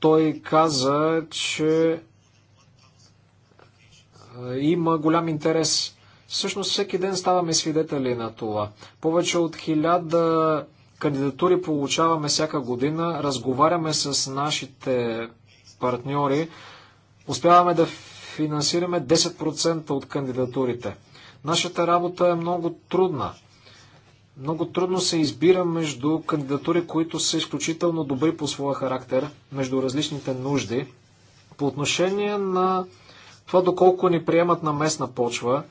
Той каза, че има голям интерес. Всъщност всеки ден ставаме свидетели на това. Повече от хиляда 1000 кандидатури получаваме всяка година, разговаряме с нашите партньори, успяваме да финансираме 10% от кандидатурите. Нашата работа е много трудна. Много трудно се избира между кандидатури, които са изключително добри по своя характер, между различните нужди. По отношение на това доколко ни приемат на местна почва,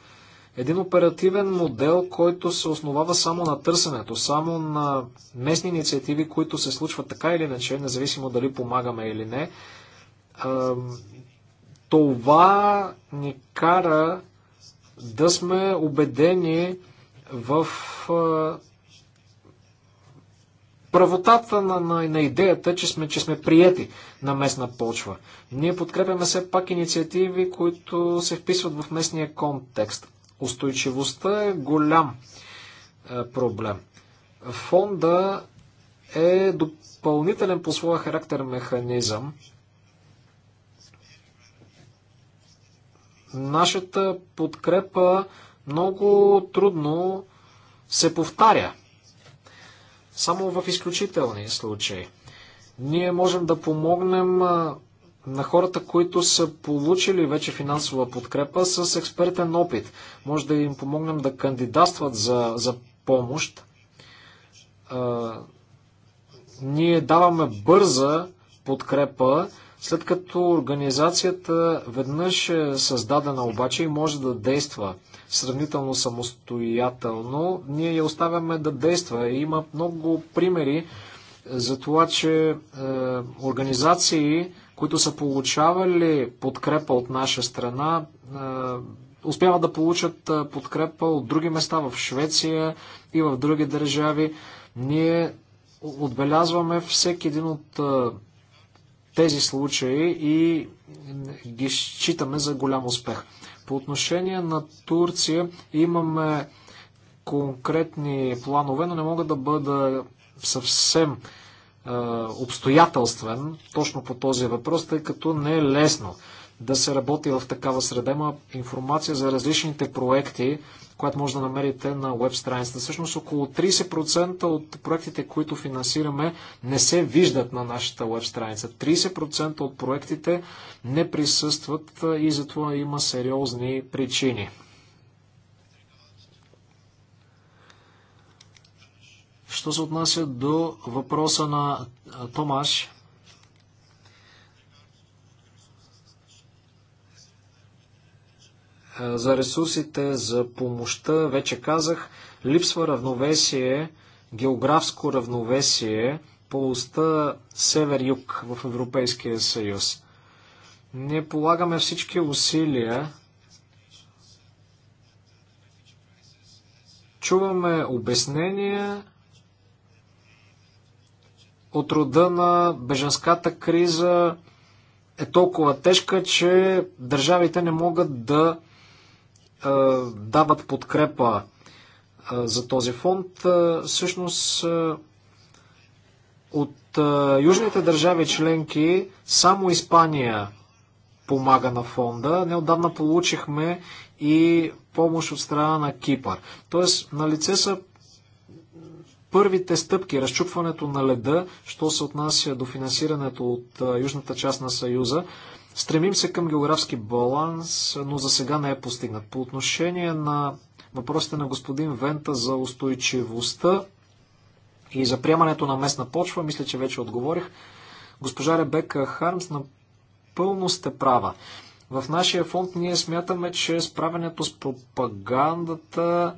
един оперативен модел, който се основава само на търсенето, само на местни инициативи, които се случват така или иначе, независимо дали помагаме или не, това ни кара да сме убедени в правотата на, на, на идеята, че сме, че сме приети на местна почва. Ние подкрепяме все пак инициативи, които се вписват в местния контекст. Устойчивостта е голям е, проблем. Фонда е допълнителен по своя характер механизъм. Нашата подкрепа много трудно се повтаря. Само в изключителни случаи. Ние можем да помогнем на хората, които са получили вече финансова подкрепа с експертен опит. Може да им помогнем да кандидатстват за, за помощ. А, ние даваме бърза подкрепа, след като организацията веднъж е създадена обаче и може да действа сравнително самостоятелно, ние я оставяме да действа. Има много примери за това, че е, организации които са получавали подкрепа от наша страна, е, успяват да получат е, подкрепа от други места в Швеция и в други държави. Ние отбелязваме всеки един от е, тези случаи и ги считаме за голям успех. По отношение на Турция имаме конкретни планове, но не мога да бъда съвсем е, обстоятелствен точно по този въпрос, тъй като не е лесно да се работи в такава среда. Има информация за различните проекти, която може да намерите на веб страницата. Всъщност около 30% от проектите, които финансираме, не се виждат на нашата веб страница. 30% от проектите не присъстват е, и затова има сериозни причини Що се отнася до въпроса на Томаш, за ресурсите, за помощта, вече казах, липсва равновесие, географско равновесие полуста север-юг в Европейския съюз. Ние полагаме всички усилия. Чуваме обяснения, от рода на беженската криза е толкова тежка, че държавите не могат да е, дават подкрепа е, за този фонд. Е, всъщност е, от е, южните държави членки само Испания помага на фонда. Неодавна получихме и помощ от страна на Кипър. Тоест, на лице са първите стъпки, разчупването на леда, що се отнася до финансирането от южната част на Съюза. Стремим се към географски баланс, но за сега не е постигнат. По отношение на въпросите на господин Вента за устойчивостта и за приемането на местна почва, мисля, че вече отговорих. Госпожа Ребека Хармс, напълно сте права. В нашия фонд ние смятаме, че справянето с пропагандата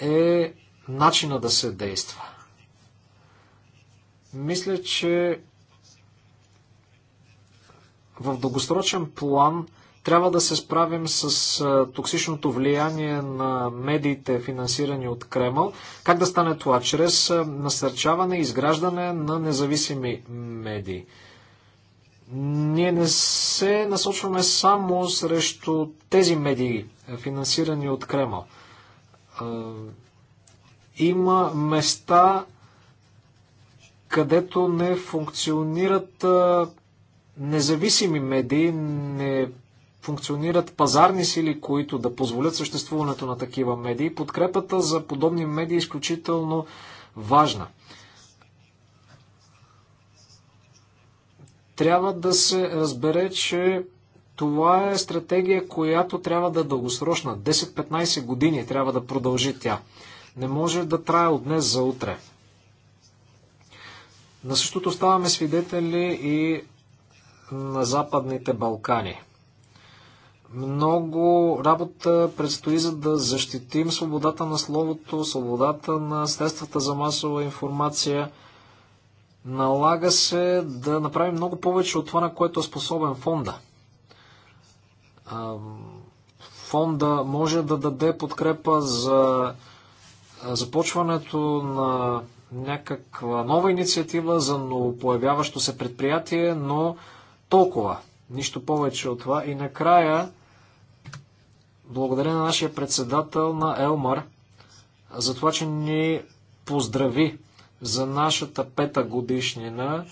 е начина да се действа. Мисля, че в дългосрочен план трябва да се справим с токсичното влияние на медиите, финансирани от Кремъл. Как да стане това? Чрез насърчаване и изграждане на независими медии. Ние не се насочваме само срещу тези медии, финансирани от Кремъл. Има места, където не функционират независими медии, не функционират пазарни сили, които да позволят съществуването на такива медии. Подкрепата за подобни медии е изключително важна. Трябва да се разбере, че това е стратегия, която трябва да е дългосрочна. 10-15 години трябва да продължи тя не може да трае от днес за утре. На същото ставаме свидетели и на Западните Балкани. Много работа предстои за да защитим свободата на словото, свободата на средствата за масова информация. Налага се да направим много повече от това, на което е способен фонда. Фонда може да даде подкрепа за започването на някаква нова инициатива за новопоявяващо се предприятие, но толкова. Нищо повече от това. И накрая, благодаря на нашия председател на Елмар, за това, че ни поздрави за нашата пета годишнина.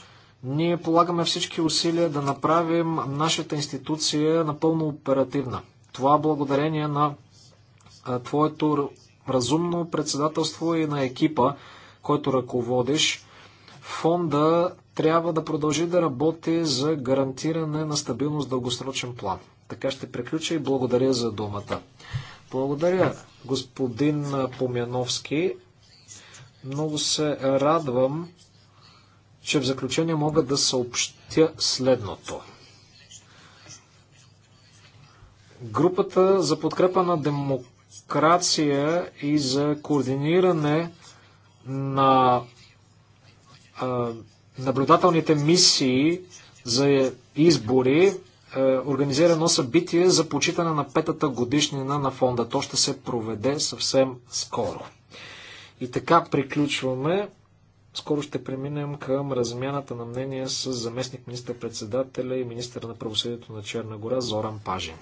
Ние полагаме всички усилия да направим нашата институция напълно оперативна. Това благодарение на твоето разумно председателство и на екипа, който ръководиш. Фонда трябва да продължи да работи за гарантиране на стабилност в дългосрочен план. Така ще приключа и благодаря за думата. Благодаря, господин Помяновски. Много се радвам, че в заключение мога да съобщя следното. Групата за подкрепа на демокрацията демокрация и за координиране на а, наблюдателните мисии за избори е организирано събитие за почитане на петата годишнина на фонда. То ще се проведе съвсем скоро. И така приключваме. Скоро ще преминем към размяната на мнения с заместник министър-председателя и министър на правосъдието на Черна гора Зоран Пажин.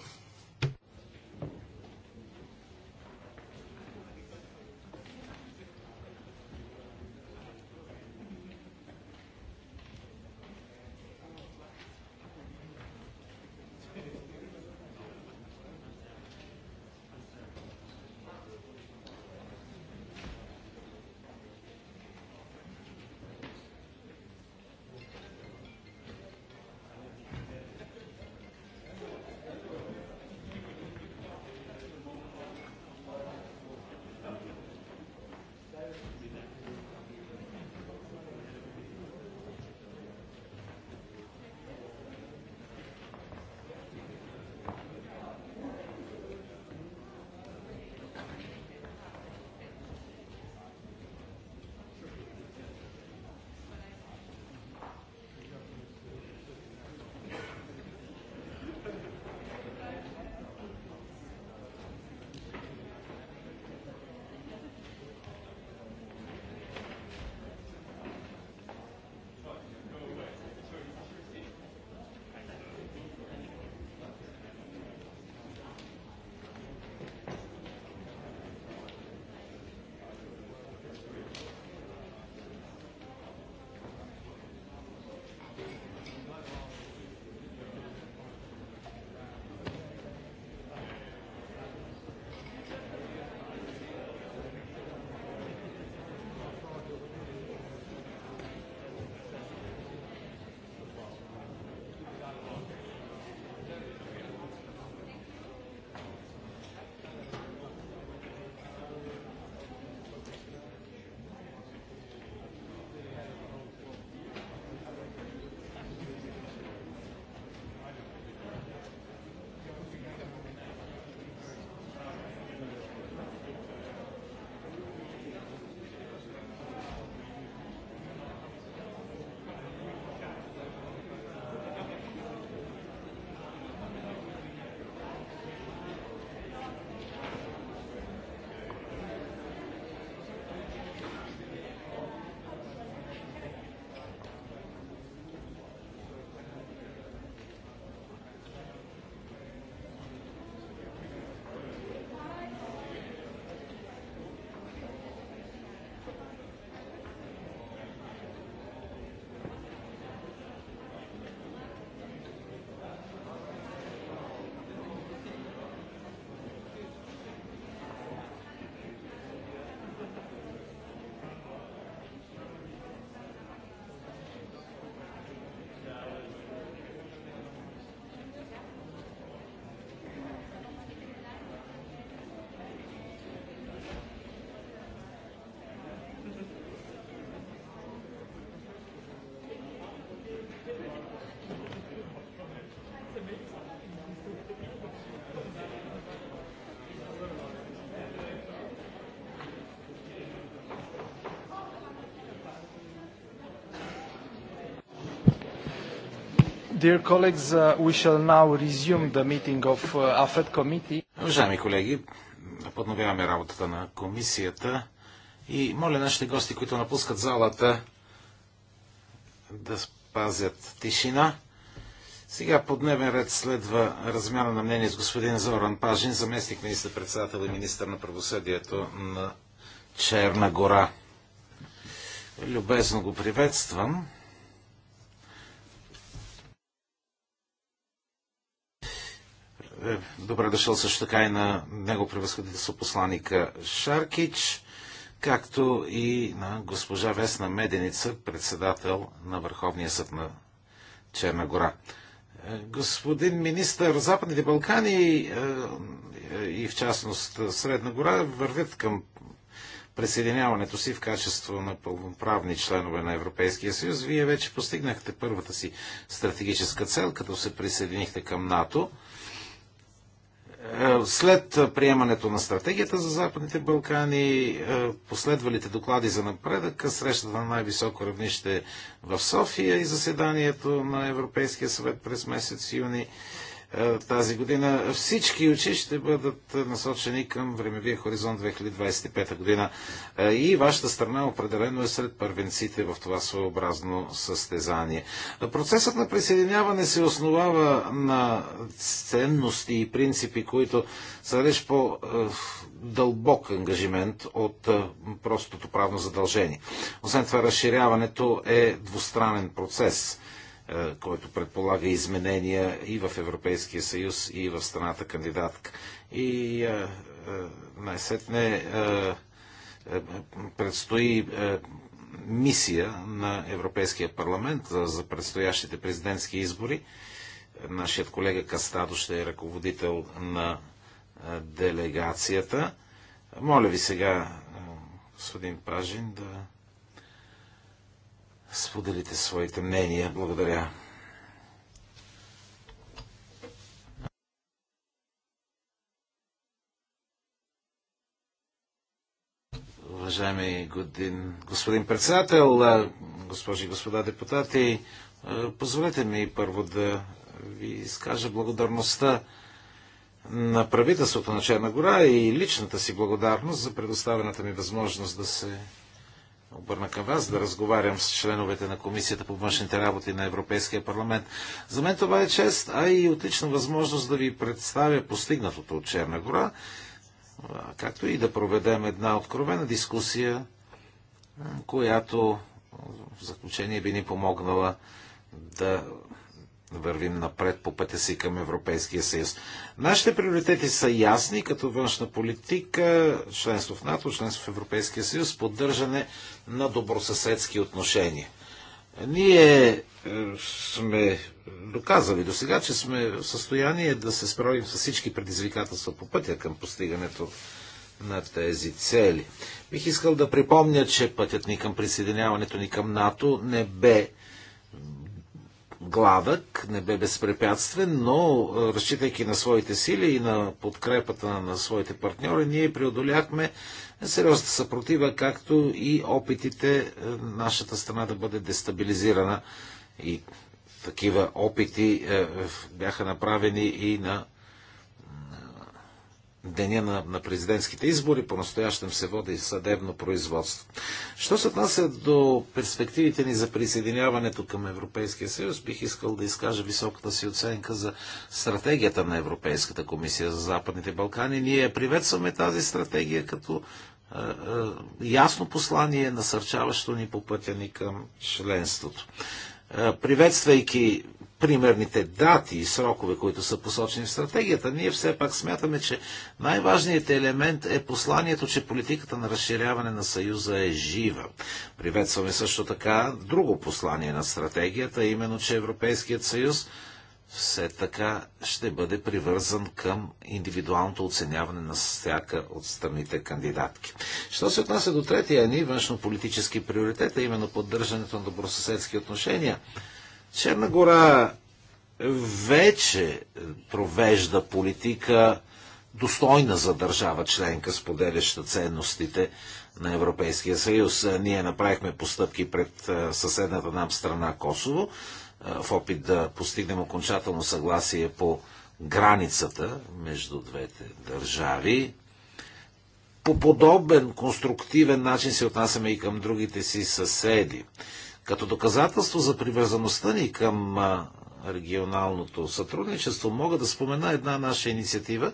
Dear colleagues, uh, we shall now resume the meeting of uh, AFED committee. Уважаеми колеги, подновяваме работата на комисията и моля нашите гости, които напускат залата, да спазят тишина. Сега по дневен ред следва размяна на мнение с господин Зоран Пажин, заместник министър-председател и министър на правосъдието на Черна гора. Любезно го приветствам. Добре дошъл също така и на него превъзходителство посланика Шаркич, както и на госпожа Весна Меденица, председател на Върховния съд на Черна гора. Е, господин министър, Западните Балкани е, е, и в частност Средна гора вървят към присъединяването си в качество на пълноправни членове на Европейския съюз. Вие вече постигнахте първата си стратегическа цел, като се присъединихте към НАТО. След приемането на стратегията за Западните Балкани, е, последвалите доклади за напредъка, срещата на най-високо равнище в София и заседанието на Европейския съвет през месец юни, е, тази година. Всички очи ще бъдат насочени към времевия хоризонт 2025 година. Е, и вашата страна определено е сред първенците в това своеобразно състезание. Процесът на присъединяване се основава на ценности и принципи, които са реч по дълбок ангажимент от е, простото правно задължение. Освен това, разширяването е двустранен процес е, който предполага изменения и в Европейския съюз, и в страната кандидатка. И е, е, най-сетне предстои мисия на Европейския парламент за предстоящите президентски избори. Нашият колега Кастадо ще е ръководител на делегацията. Моля ви сега, господин Пажин, да споделите своите мнения. Благодаря. Уважаеми годин, господин председател, госпожи и господа депутати, позволете ми първо да ви изкажа благодарността на правителството на Черна гора и личната си благодарност за предоставената ми възможност да се обърна към вас, да разговарям с членовете на Комисията по външните работи на Европейския парламент. За мен това е чест, а и отлична възможност да ви представя постигнатото от Черна гора, както и да проведем една откровена дискусия, която в заключение би ни помогнала да вървим напред по пътя си към Европейския съюз. Нашите приоритети са ясни, като външна политика, членство в НАТО, членство в Европейския съюз, поддържане на добросъседски отношения. Ние е, сме доказали до сега, че сме в състояние да се справим с всички предизвикателства по пътя към постигането на тези цели. Бих искал да припомня, че пътят ни към присъединяването ни към НАТО не бе гладък, не бе безпрепятствен, но разчитайки на своите сили и на подкрепата на своите партньори, ние преодоляхме сериозната съпротива, както и опитите нашата страна да бъде дестабилизирана. И такива опити бяха направени и на деня на, на президентските избори, по-настоящем се води съдебно производство. Що се отнася до перспективите ни за присъединяването към Европейския съюз, бих искал да изкажа високата си оценка за стратегията на Европейската комисия за Западните Балкани. Ние приветстваме тази стратегия като е, е, ясно послание, насърчаващо ни по пътя ни към членството. Е, приветствайки примерните дати и срокове, които са посочени в стратегията, ние все пак смятаме, че най-важният елемент е посланието, че политиката на разширяване на Съюза е жива. Приветстваме също така друго послание на стратегията, именно, че Европейският съюз все така ще бъде привързан към индивидуалното оценяване на всяка от страните кандидатки. Що се отнася до третия ни външно-политически приоритет, а именно поддържането на добросъседски отношения, Черна гора вече провежда политика достойна за държава членка, споделяща ценностите на Европейския съюз. Ние направихме постъпки пред съседната нам страна Косово в опит да постигнем окончателно съгласие по границата между двете държави. По подобен конструктивен начин се отнасяме и към другите си съседи. Като доказателство за привързаността ни към регионалното сътрудничество, мога да спомена една наша инициатива,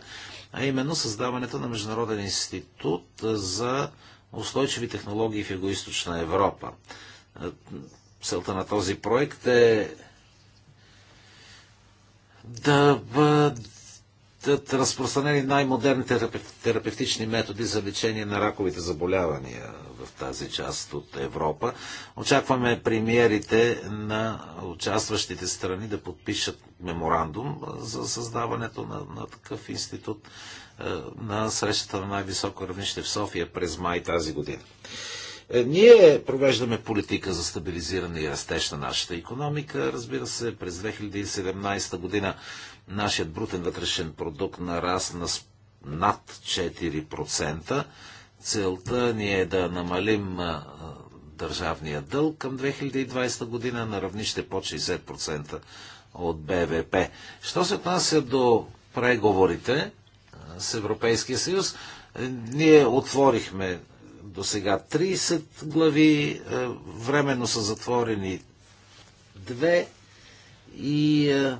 а именно създаването на Международен институт за устойчиви технологии в Юго-Источна Европа. Целта на този проект е да бъде разпространени най-модерните терапевтични методи за лечение на раковите заболявания в тази част от Европа. Очакваме премиерите на участващите страни да подпишат меморандум за създаването на, на такъв институт на срещата на най-високо равнище в София през май тази година. Е, ние провеждаме политика за стабилизиране и растеж на нашата економика. Разбира се, през 2017 година Нашият брутен вътрешен продукт нарасна с над 4%. Целта ни е да намалим държавния дълг към 2020 година на равнище по 60% от БВП. Що се отнася до преговорите с Европейския съюз, е, ние отворихме до сега 30 глави, е, временно са затворени две и е,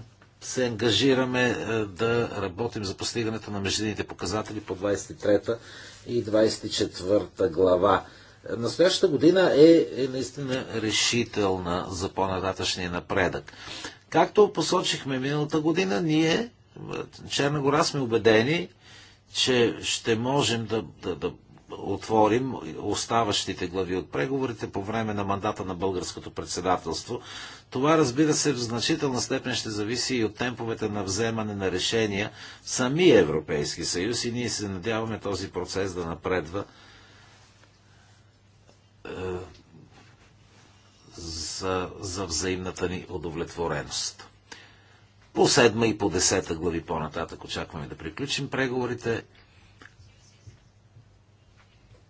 се ангажираме е, да работим за постигането на междинните показатели по 23 и 24 глава. Настоящата година е, е наистина решителна за по-нататъчния напредък. Както посочихме миналата година, ние, е, Черна гора, сме убедени, че ще можем да, да, да отворим оставащите глави от преговорите по време на мандата на българското председателство това, разбира се, в значителна степен ще зависи и от темповете на вземане на решения в самия Европейски съюз и ние се надяваме този процес да напредва е, за, за взаимната ни удовлетвореност. По седма и по десета глави по-нататък очакваме да приключим преговорите.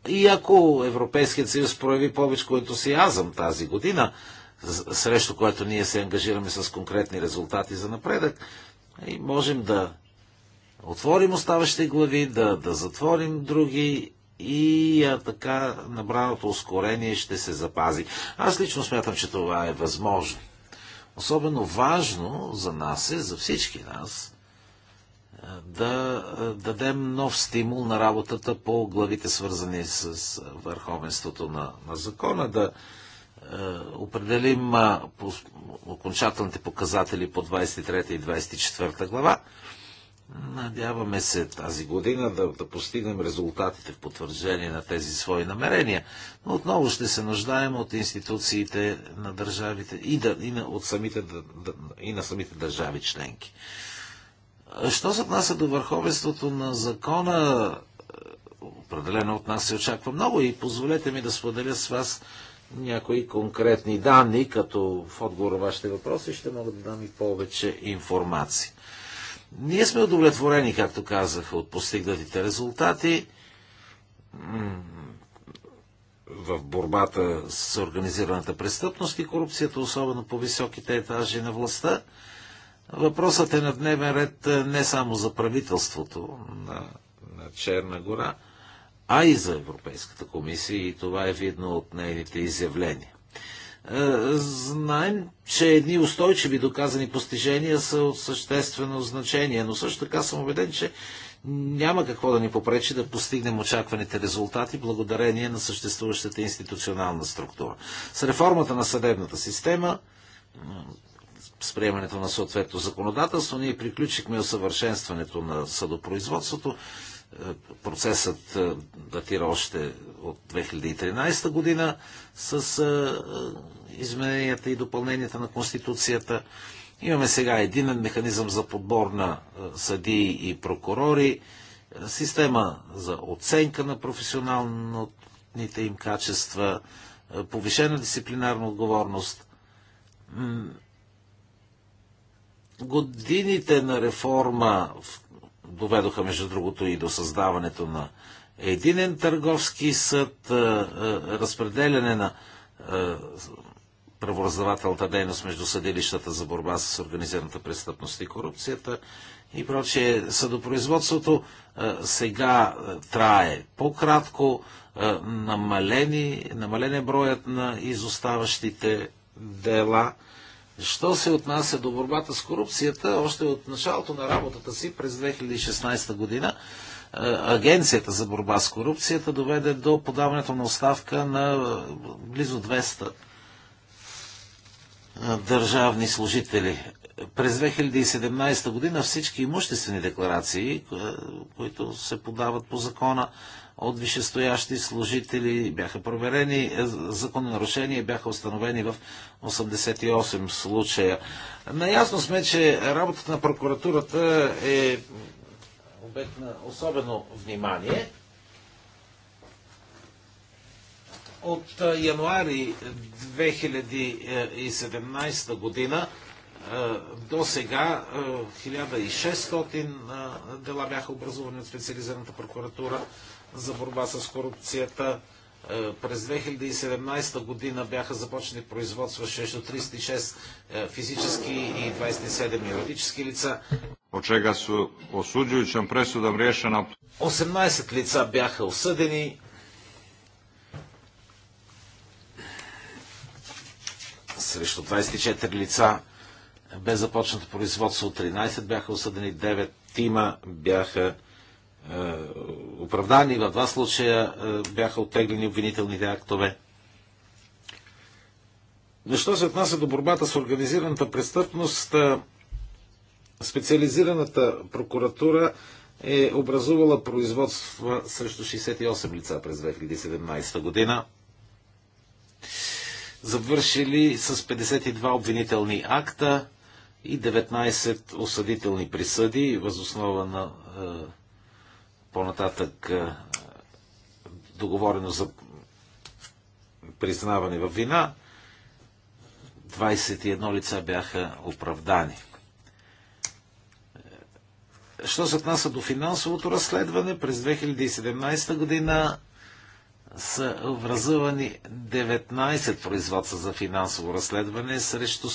И ако Европейският съюз прояви повече ентусиазъм тази година, срещу което ние се ангажираме с конкретни резултати за напредък. И можем да отворим оставащи глави, да, да затворим други и а, така набраното ускорение ще се запази. Аз лично смятам, че това е възможно. Особено важно за нас е, за всички нас, да дадем нов стимул на работата по главите, свързани с върховенството на, на закона, да, е, определим окончателните показатели по 23 и 24 глава. Надяваме се тази година да, да постигнем резултатите в потвърждение на тези свои намерения, но отново ще се нуждаем от институциите на държавите и, да, и, на, от самите, да, и на самите държави членки. Що се отнася до върховенството на закона, е, определено от нас се очаква много и позволете ми да споделя с вас някои конкретни данни, като в отговор на вашите въпроси ще мога да дам и повече информация. Ние сме удовлетворени, както казах, от постигнатите резултати в борбата с организираната престъпност и корупцията, особено по високите етажи на властта. Въпросът е на дневен ред не само за правителството на, на Черна гора, а и за Европейската комисия и това е видно от нейните изявления. Е, знаем, че едни устойчиви доказани постижения са от съществено значение, но също така съм убеден, че няма какво да ни попречи да постигнем очакваните резултати благодарение на съществуващата институционална структура. С реформата на съдебната система, с приемането на съответно законодателство, ние приключихме усъвършенстването на съдопроизводството, Процесът е, датира още от 2013 година с е, е, измененията и допълненията на Конституцията. Имаме сега единен механизъм за подбор на съдии и прокурори, система за оценка на професионалните им качества, повишена дисциплинарна отговорност. Годините на реформа в доведоха, между другото, и до създаването на единен търговски съд, разпределяне на правораздавателната дейност между съдилищата за борба с организираната престъпност и корупцията и прочее. Съдопроизводството сега трае по-кратко, намалени, намален е броят на изоставащите дела – Що се отнася до борбата с корупцията, още от началото на работата си през 2016 година, е, Агенцията за борба с корупцията доведе до подаването на оставка на е, близо 200 е, държавни служители. През 2017 година всички имуществени декларации, които се подават по закона, от висшестоящи служители, бяха проверени е, закононарушения, бяха установени в 88 случая. Наясно сме, че работата на прокуратурата е обект на особено внимание. От е, януари 2017 година е, до сега 1600 дела бяха образувани от специализираната прокуратура за борба с корупцията. Е, през 2017 година бяха започнали производства срещу 306 е, физически и 27 юридически лица. От чега са осуджуючен пресудом решена... 18 лица бяха осъдени. Срещу 24 лица бе започнато производство от 13, бяха осъдени 9 тима, бяха е, оправдани. В два случая е, бяха оттеглени обвинителните актове. Но що се отнася до борбата с организираната престъпност, е, специализираната прокуратура е образувала производства срещу 68 лица през 2017 година, завършили с 52 обвинителни акта и 19 осъдителни присъди, възоснова на по-нататък договорено за признаване във вина. 21 лица бяха оправдани. Е, що се отнася до финансовото разследване, през 2017 година са образувани 19 производства за финансово разследване срещу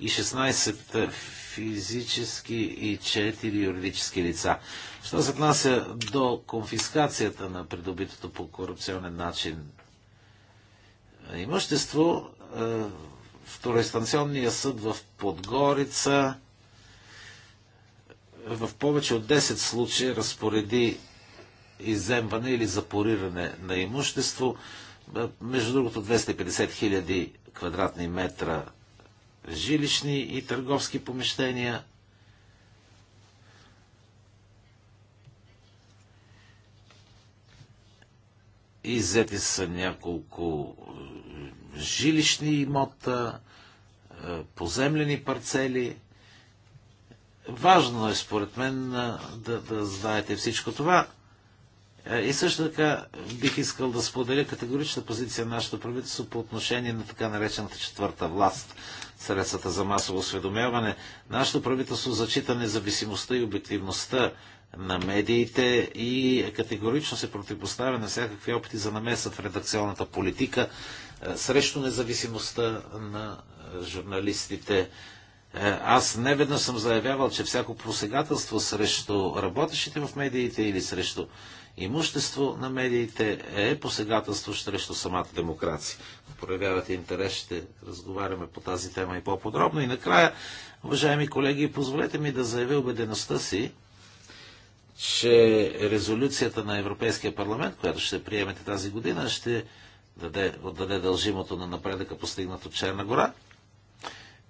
116 физически и 4 юридически лица. Що се отнася до конфискацията на придобитото по корупционен начин имущество, е, второинстанционния съд в Подгорица в повече от 10 случая разпореди иземване или запориране на имущество, е, между другото 250 000 квадратни метра жилищни и търговски помещения. Иззети са няколко е, жилищни имота, е, поземлени парцели. Важно е, според мен, е, да, да знаете всичко това. Е, и също така бих искал да споделя категорична позиция на нашето правителство по отношение на така наречената четвърта власт, средствата за масово осведомяване. Нашето правителство зачита независимостта и обективността на медиите и категорично се противопоставя на всякакви опити за намеса в редакционната политика е, срещу независимостта на е, журналистите. Аз не веднъж съм заявявал, че всяко просегателство срещу работещите в медиите или срещу имущество на медиите е посегателство срещу самата демокрация. Ако проявявате интерес, ще разговаряме по тази тема и по-подробно. И накрая, уважаеми колеги, позволете ми да заявя убедеността си, че резолюцията на Европейския парламент, която ще приемете тази година, ще даде, отдаде дължимото на напредъка постигнат от Черна гора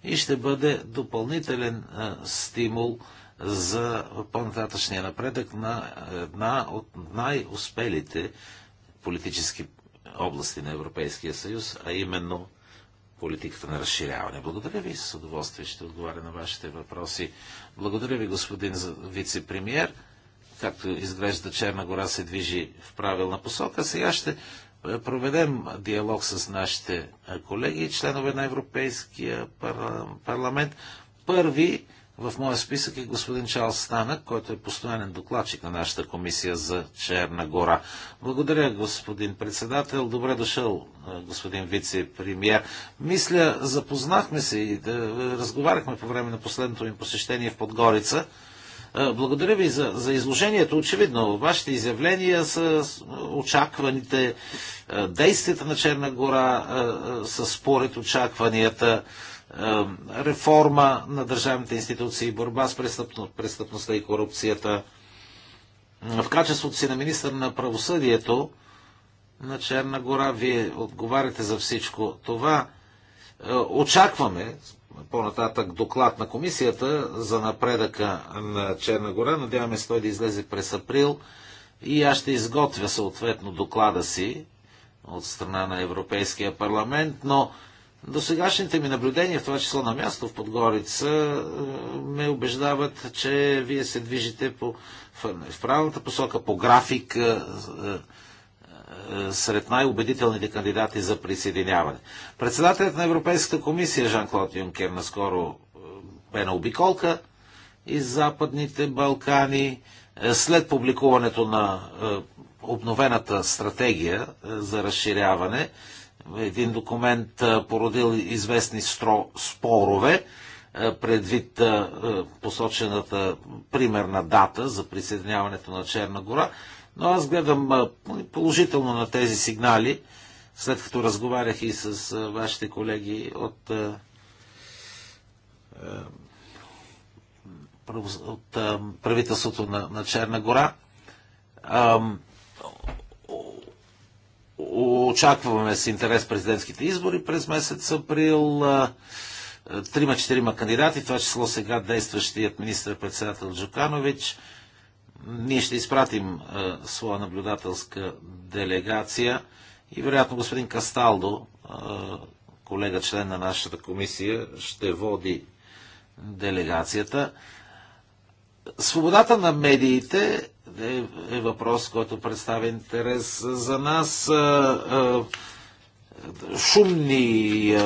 и ще бъде допълнителен а, стимул за по-нататъчния напредък на една от най-успелите политически области на Европейския съюз, а именно политиката на разширяване. Благодаря ви, с удоволствие ще отговаря на вашите въпроси. Благодаря ви, господин вице-премьер. Както изглежда, Черна гора се движи в правилна посока. Сега ще е, проведем диалог с нашите е, колеги, членове на Европейския парламент. Първи в моя списък е господин Чарлз Станък, който е постоянен докладчик на нашата комисия за Черна гора. Благодаря, господин председател. Добре дошъл, господин вице-премьер. Мисля, запознахме се и да разговаряхме по време на последното ми посещение в Подгорица. Благодаря ви за, за изложението. Очевидно, вашите изявления са очакваните, действията на Черна гора са според очакванията реформа на държавните институции, борба с престъпността и корупцията. В качеството си на министър на правосъдието на Черна гора, вие отговаряте за всичко това. Е, очакваме по-нататък доклад на комисията за напредъка на Черна гора. Надяваме се той да излезе през април и аз ще изготвя съответно доклада си от страна на Европейския парламент, но до сегашните ми наблюдения, в това число на място в Подгорица, е, ме убеждават, че вие се движите по, в правилната посока, по график е, е, сред най-убедителните кандидати за присъединяване. Председателят на Европейската комисия Жан-Клод Юнкер наскоро бе на обиколка из Западните Балкани. След публикуването на обновената стратегия за разширяване, един документ породил известни стро, спорове предвид посочената примерна дата за присъединяването на Черна гора, но аз гледам положително на тези сигнали, след като разговарях и с вашите колеги от, от правителството на, на Черна гора Очакваме с интерес президентските избори през месец април. Трима-четирима кандидати, това число сега действащият министр-председател Джуканович. Ние ще изпратим своя наблюдателска делегация и вероятно господин Касталдо, колега член на нашата комисия, ще води делегацията. Свободата на медиите е, е въпрос, който представя интерес за нас. Е, е, шумни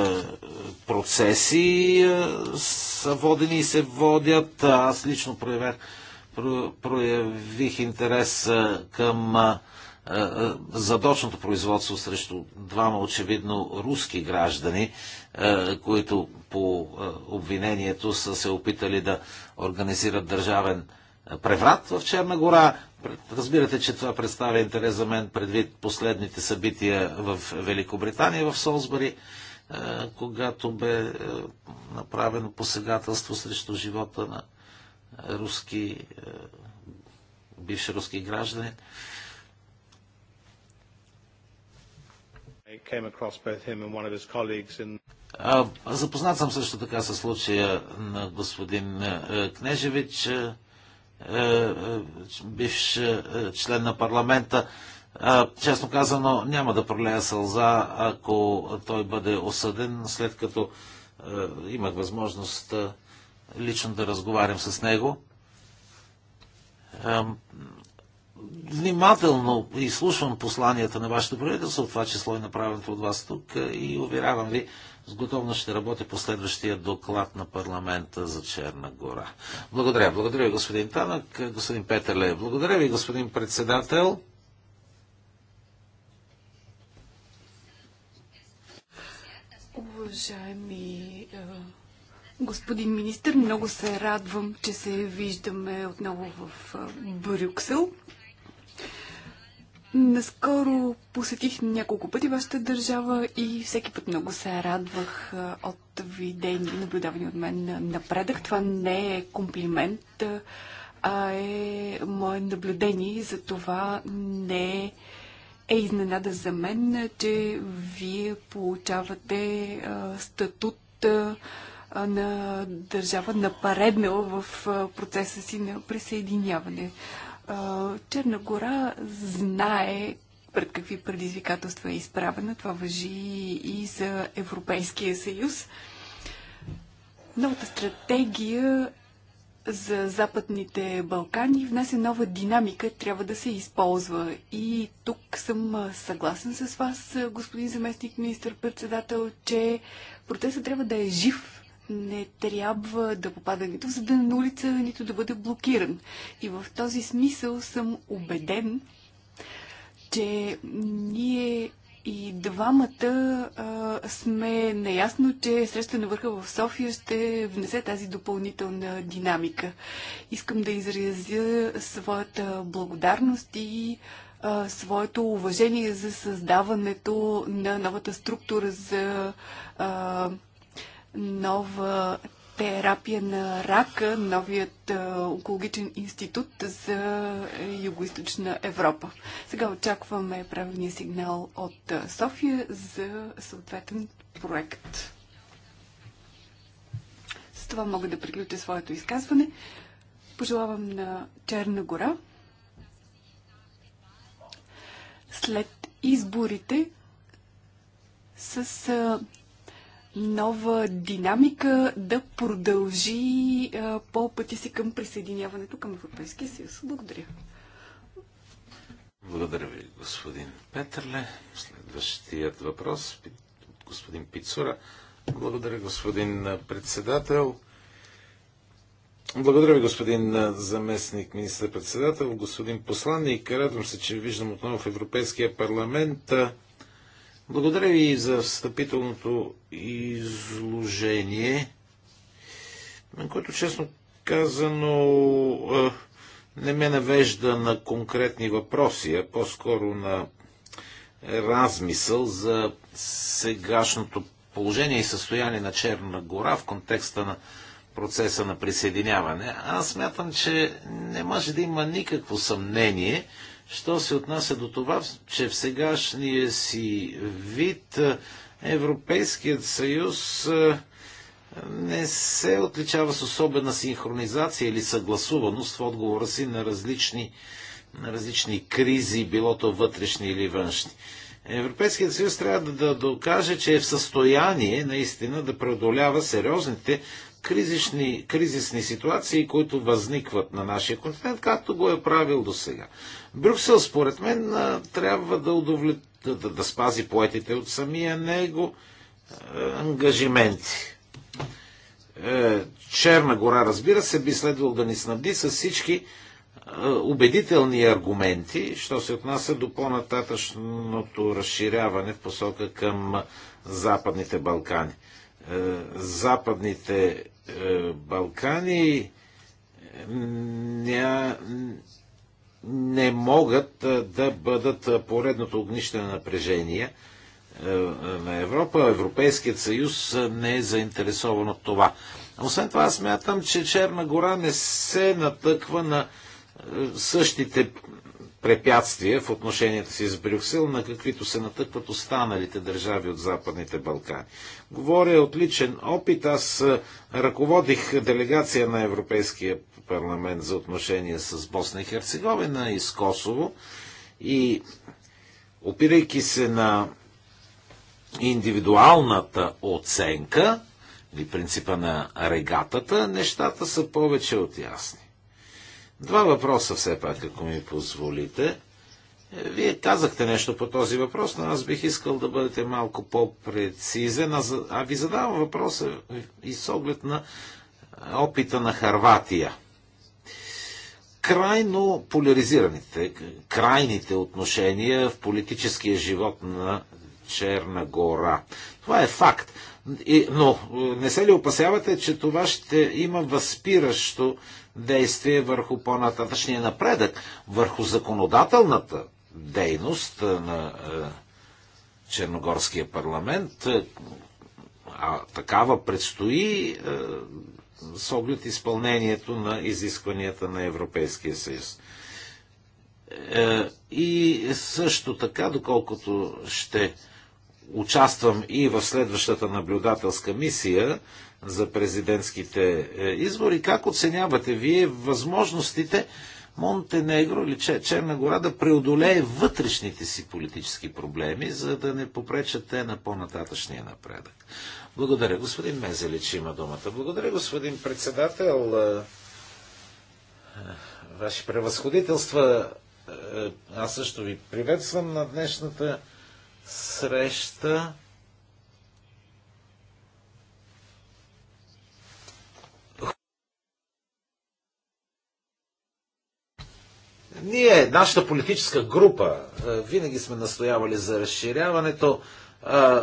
процеси са водени и се водят. Аз лично проявях, проявих интерес към задочното производство срещу двама очевидно руски граждани, които по обвинението са се опитали да организират държавен преврат в Черна гора. Разбирате, че това представя интерес за мен предвид последните събития в Великобритания, в Солсбъри, е, когато бе е, направено посегателство срещу живота на руски, е, бивши руски граждани. Запознат съм също така със случая на господин Кнежевич. Е, е, бивш е, член на парламента. Честно казано, няма да пролея сълза, ако той бъде осъден, след като имах възможност лично да разговарям с него. Внимателно изслушвам посланията на вашето правителство, това число е направеното от вас тук и уверявам ви, с готовност ще работя по следващия доклад на парламента за Черна гора. Благодаря. Благодаря ви, господин Танък. Господин Петеле, благодаря ви, господин председател. Уважаеми е, господин министр, много се радвам, че се виждаме отново в е, Брюксел. Наскоро посетих няколко пъти вашата държава и всеки път много се радвах от видени, наблюдавани от мен напредък. Това не е комплимент, а е мое наблюдение и за това не е изненада за мен, че вие получавате статут на държава напреднала в процеса си на присъединяване. Черна гора знае пред какви предизвикателства е изправена. Това въжи и за Европейския съюз. Новата стратегия за Западните Балкани внася нова динамика, трябва да се използва. И тук съм съгласен с вас, господин заместник министър-председател, че процесът трябва да е жив не трябва да попада нито в съдена на улица, нито да бъде блокиран. И в този смисъл съм убеден, че ние и двамата а, сме наясно, че среща на върха в София ще внесе тази допълнителна динамика. Искам да изразя своята благодарност и а, своето уважение за създаването на новата структура за а, нова терапия на рака, новият онкологичен институт за е, Юго-Источна Европа. Сега очакваме правилния сигнал от София за съответен проект. С това мога да приключа своето изказване. Пожелавам на Черна гора след изборите с нова динамика да продължи а, по пъти си към присъединяването към Европейския съюз. Благодаря. Благодаря ви, господин Петърле. Следващият въпрос от господин Пицура. Благодаря, господин председател. Благодаря ви, господин заместник министър-председател, господин посланник. Радвам се, че виждам отново в Европейския парламент. Благодаря ви за встъпителното изложение, на което честно казано не ме навежда на конкретни въпроси, а по-скоро на размисъл за сегашното положение и състояние на Черна гора в контекста на процеса на присъединяване. Аз смятам, че не може да има никакво съмнение, Що се отнася до това, че в сегашния си вид е, Европейският съюз е, не се отличава с особена синхронизация или съгласуваност в отговора си на различни, на различни кризи, било то вътрешни или външни. Европейският съюз трябва да, да докаже, че е в състояние наистина да преодолява сериозните кризисни, кризисни ситуации, които възникват на нашия континент, както го е правил до сега. Брюксел, според мен, трябва да, удовлет... да, да, да спази поетите от самия него ангажименти. Е, Черна гора, разбира се, би следвал да ни снабди с всички убедителни аргументи, що се отнася до по-нататъчното разширяване в посока към Западните Балкани. Е, Западните е, Балкани е, не могат е, да бъдат поредното огнище на напрежение на Европа. Европейският съюз не е заинтересован от това. Освен това, аз мятам, че Черна гора не се натъква на същите препятствия в отношенията си с Брюксел, на каквито се натъкват останалите държави от Западните Балкани. Говоря от личен опит. Аз ръководих делегация на Европейския парламент за отношения с Босна и Херцеговина и с Косово и опирайки се на индивидуалната оценка или принципа на регатата, нещата са повече от ясни. Два въпроса все пак, ако ми позволите. Е, вие казахте нещо по този въпрос, но аз бих искал да бъдете малко по-прецизен, а ви задавам въпроса и с оглед на опита на Харватия. Крайно поляризираните, крайните отношения в политическия живот на Черна гора. Това е факт. Но е, не се ли опасявате, че това ще има възпиращо действие върху по-нататъчния напредък, върху законодателната дейност е, на е, Черногорския парламент, а такава предстои с оглед изпълнението на изискванията на Европейския съюз. И също така, доколкото ще участвам и в следващата наблюдателска мисия за президентските е, избори. Как оценявате вие възможностите Монтенегро или Черна гора да преодолее вътрешните си политически проблеми, за да не попречат те на по-нататъчния напредък? Благодаря. Господин Мезелич има думата. Благодаря, господин председател. Е, е, ваши превъзходителства, аз също ви приветствам на днешната среща Ние, нашата политическа група, винаги сме настоявали за разширяването.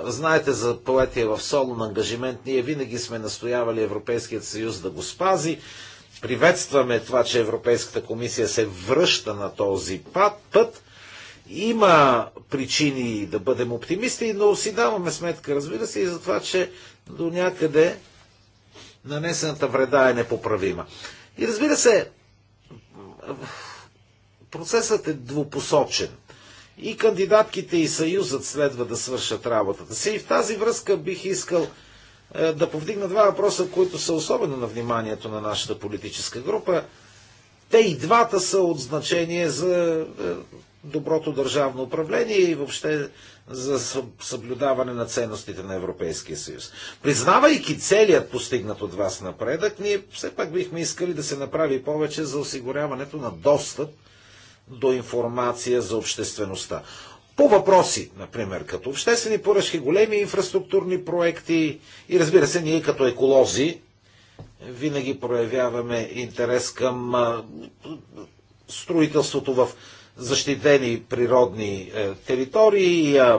Знаете за поетия в солон ангажимент, ние винаги сме настоявали Европейският съюз да го спази. Приветстваме това, че Европейската комисия се връща на този път. Има причини да бъдем оптимисти, но си даваме сметка, разбира се, и за това, че до някъде нанесената вреда е непоправима. И разбира се, процесът е двупосочен. И кандидатките и съюзът следва да свършат работата си. И в тази връзка бих искал е, да повдигна два въпроса, които са особено на вниманието на нашата политическа група. Те и двата са от значение за е, доброто държавно управление и въобще за съблюдаване на ценностите на Европейския съюз. Признавайки целият постигнат от вас напредък, ние все пак бихме искали да се направи повече за осигуряването на достъп до информация за обществеността. По въпроси, например, като обществени поръчки, големи инфраструктурни проекти и разбира се, ние като еколози винаги проявяваме интерес към строителството в защитени природни е, територии, е, е,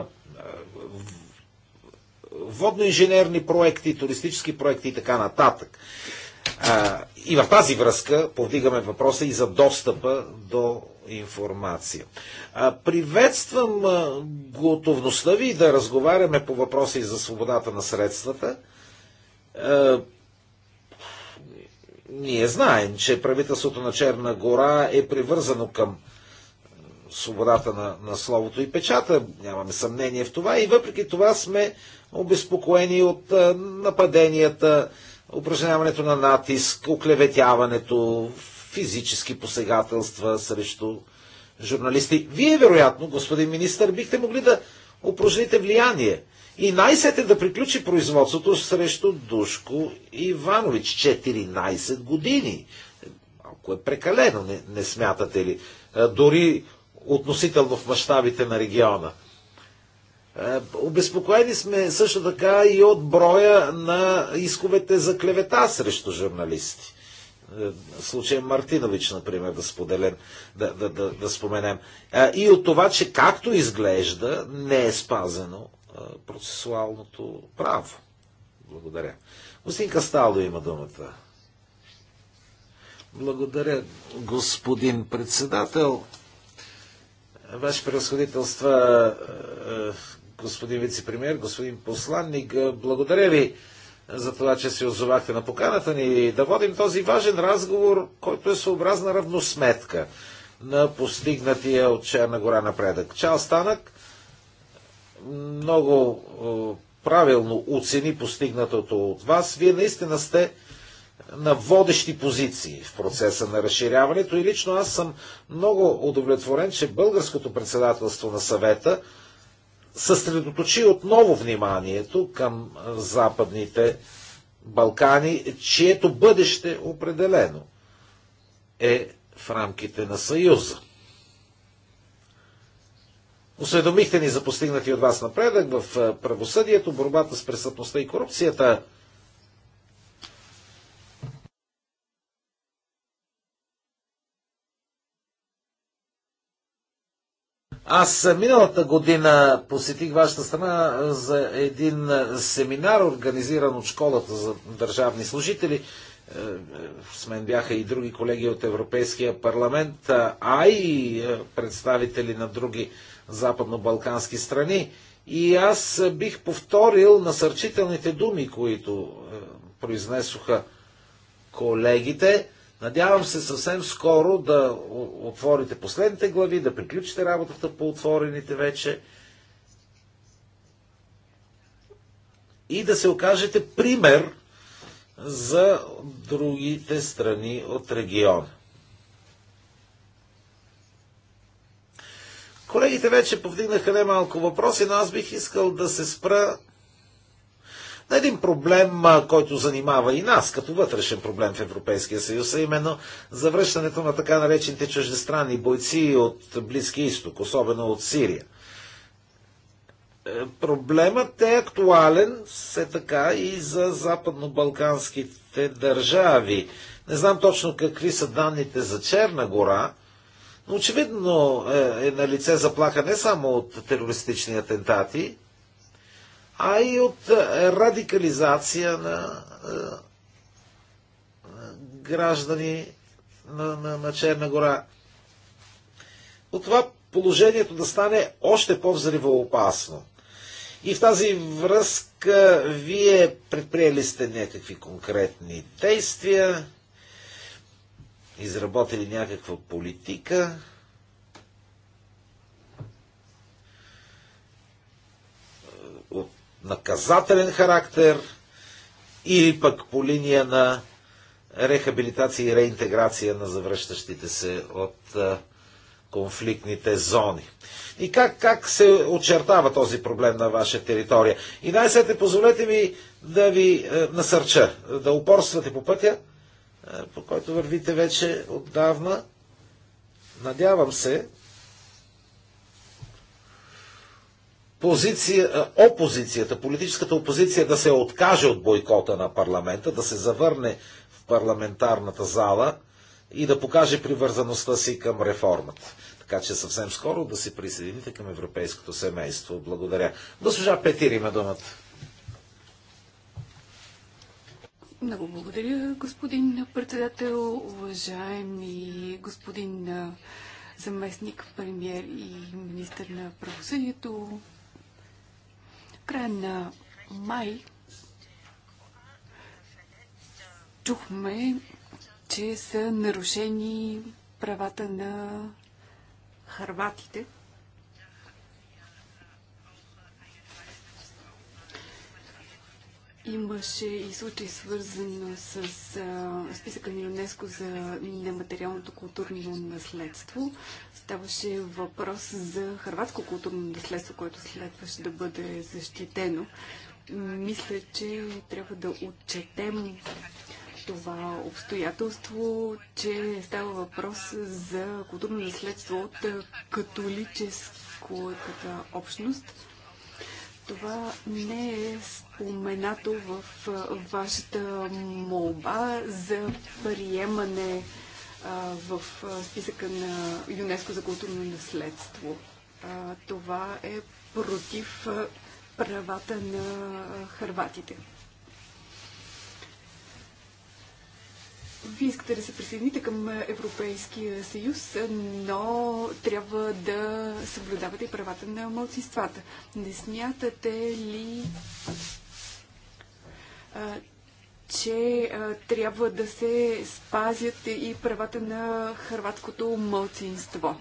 водноинженерни проекти, туристически проекти и така нататък. И в тази връзка повдигаме въпроса и за достъпа до информация. Приветствам готовността ви да разговаряме по въпроса и за свободата на средствата. Ние знаем, че правителството на Черна гора е привързано към свободата на, на словото и печата. Нямаме съмнение в това. И въпреки това сме обезпокоени от а, е, нападенията, упражняването на натиск, оклеветяването, физически посегателства срещу журналисти. Вие, вероятно, господин министр, бихте могли да упражните влияние. И най-сете да приключи производството срещу Душко Иванович. 14 години. Малко е прекалено, не, не смятате ли? Е, дори относително в мащабите на региона. Е, обезпокоени сме също така и от броя на исковете за клевета срещу журналисти. Е, случай Мартинович, например, да, споделен, да, да, да, да споменем. Е, и от това, че както изглежда, не е спазено процесуалното право. Благодаря. Господин Касталдо има думата. Благодаря, господин председател. Ваше превъзходителство, е, е, господин вице-премьер, господин посланник, е, благодаря ви за това, че се озовахте на поканата ни да водим този важен разговор, който е съобразна равносметка на постигнатия от Черна гора напредък. Чал Станък много правилно оцени постигнатото от вас. Вие наистина сте на водещи позиции в процеса на разширяването и лично аз съм много удовлетворен, че българското председателство на съвета съсредоточи отново вниманието към Западните Балкани, чието бъдеще определено е в рамките на Съюза. Осведомихте ни за постигнати от вас напредък в правосъдието, борбата с престъпността и корупцията – Аз миналата година посетих вашата страна за един семинар, организиран от школата за държавни служители. Е, е, с мен бяха и други колеги от Европейския парламент, а и е, представители на други западно-балкански страни. И аз бих повторил насърчителните думи, които произнесоха колегите Надявам се съвсем скоро да отворите последните глави, да приключите работата по отворените вече и да се окажете пример за другите страни от региона. Колегите вече повдигнаха немалко въпроси, но аз бих искал да се спра на един проблем, който занимава и нас като вътрешен проблем в Европейския съюз, а е именно завръщането на така наречените чуждестранни бойци от Близкия изток, особено от Сирия. Е, проблемът е актуален все така и за западно-балканските държави. Не знам точно какви са данните за Черна гора, но очевидно е, е на лице заплаха не само от терористични атентати, а и от е, радикализация е, на граждани на, на, на Черна гора. От това положението да стане още по-взривоопасно. И в тази връзка вие предприели сте някакви конкретни действия, изработили някаква политика. наказателен характер или пък по линия на рехабилитация и реинтеграция на завръщащите се от конфликтните зони. И как, как се очертава този проблем на ваша територия? И най сетне позволете ми да ви е, насърча, да упорствате по пътя, е, по който вървите вече отдавна. Надявам се, позиция, е, опозицията, политическата опозиция да се откаже от бойкота на парламента, да се завърне в парламентарната зала и да покаже привързаността си към реформата. Така че съвсем скоро да се присъедините към европейското семейство. Благодаря. Госпожа Петир има думата. Много благодаря, господин председател, уважаеми господин заместник премьер и министър на правосъдието, края на май чухме, че са нарушени правата на харватите. Имаше и случай свързан с а, списъка на ЮНЕСКО за нематериалното културно наследство. Ставаше въпрос за хрватско културно наследство, което следваше да бъде защитено. Мисля, че трябва да отчетем това обстоятелство, че става въпрос за културно наследство от католическата общност това не е споменато в вашата молба за приемане в списъка на ЮНЕСКО за културно наследство. Това е против правата на хърватите. Вие искате да се присъедините към Европейския съюз, но трябва да съблюдавате и правата на младсинствата. Не смятате ли, че трябва да се спазят и правата на хрватското младсинство?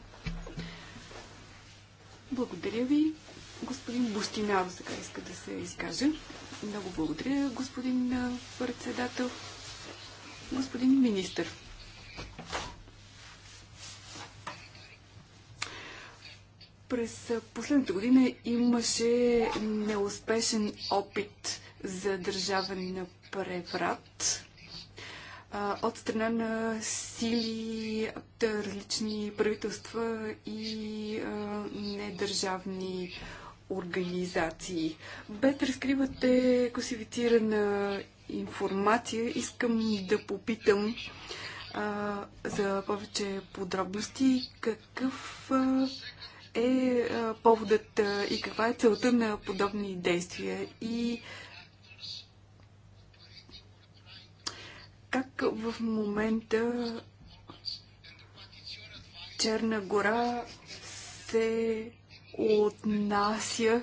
Благодаря ви. Господин Бустинаро, сега иска да се изкаже. Много благодаря, господин председател. Господин министр, през последната година имаше неуспешен опит за държавен преврат от страна на сили от различни правителства и недържавни организации. Бе да разкривате класифицирана информация, искам да попитам а, за повече подробности какъв а, е а, поводът а, и каква е целта на подобни действия и как в момента Черна гора се отнася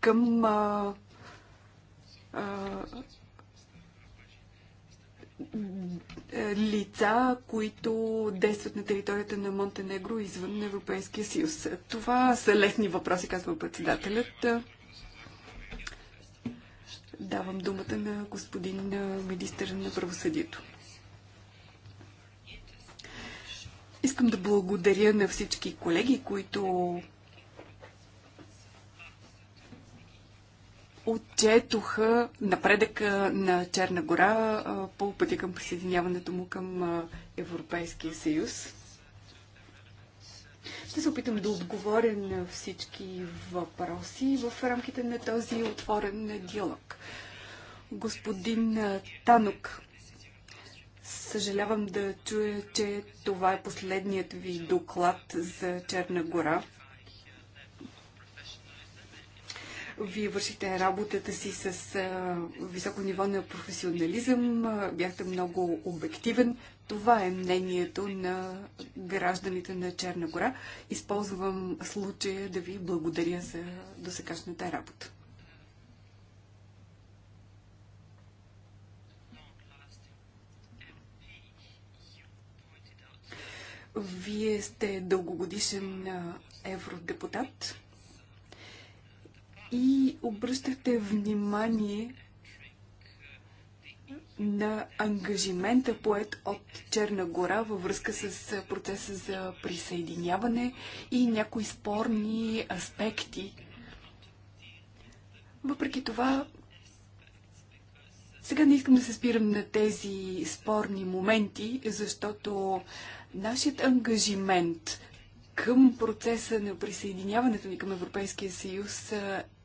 към а, а, е, лица, които действат на територията на Монтенегро извън Европейския съюз. Това са лесни въпроси, казва председателят. Давам думата на господин е, министър на правосъдието. Искам да благодаря на всички колеги, които отчетоха напредъка на Черна гора по пътя към присъединяването му към Европейския съюз. Ще се опитам да отговоря на всички въпроси в рамките на този отворен диалог. Господин Танук, съжалявам да чуя, че това е последният ви доклад за Черна гора. Вие вършите работата си с а, високо ниво на професионализъм, а, бяхте много обективен. Това е мнението на гражданите на Черна гора. Използвам случая да ви благодаря за досегашната работа. Вие сте дългогодишен евродепутат и обръщахте внимание на ангажимента поет от Черна гора във връзка с процеса за присъединяване и някои спорни аспекти. Въпреки това, сега не искам да се спирам на тези спорни моменти, защото нашият ангажимент към процеса на присъединяването ни към Европейския съюз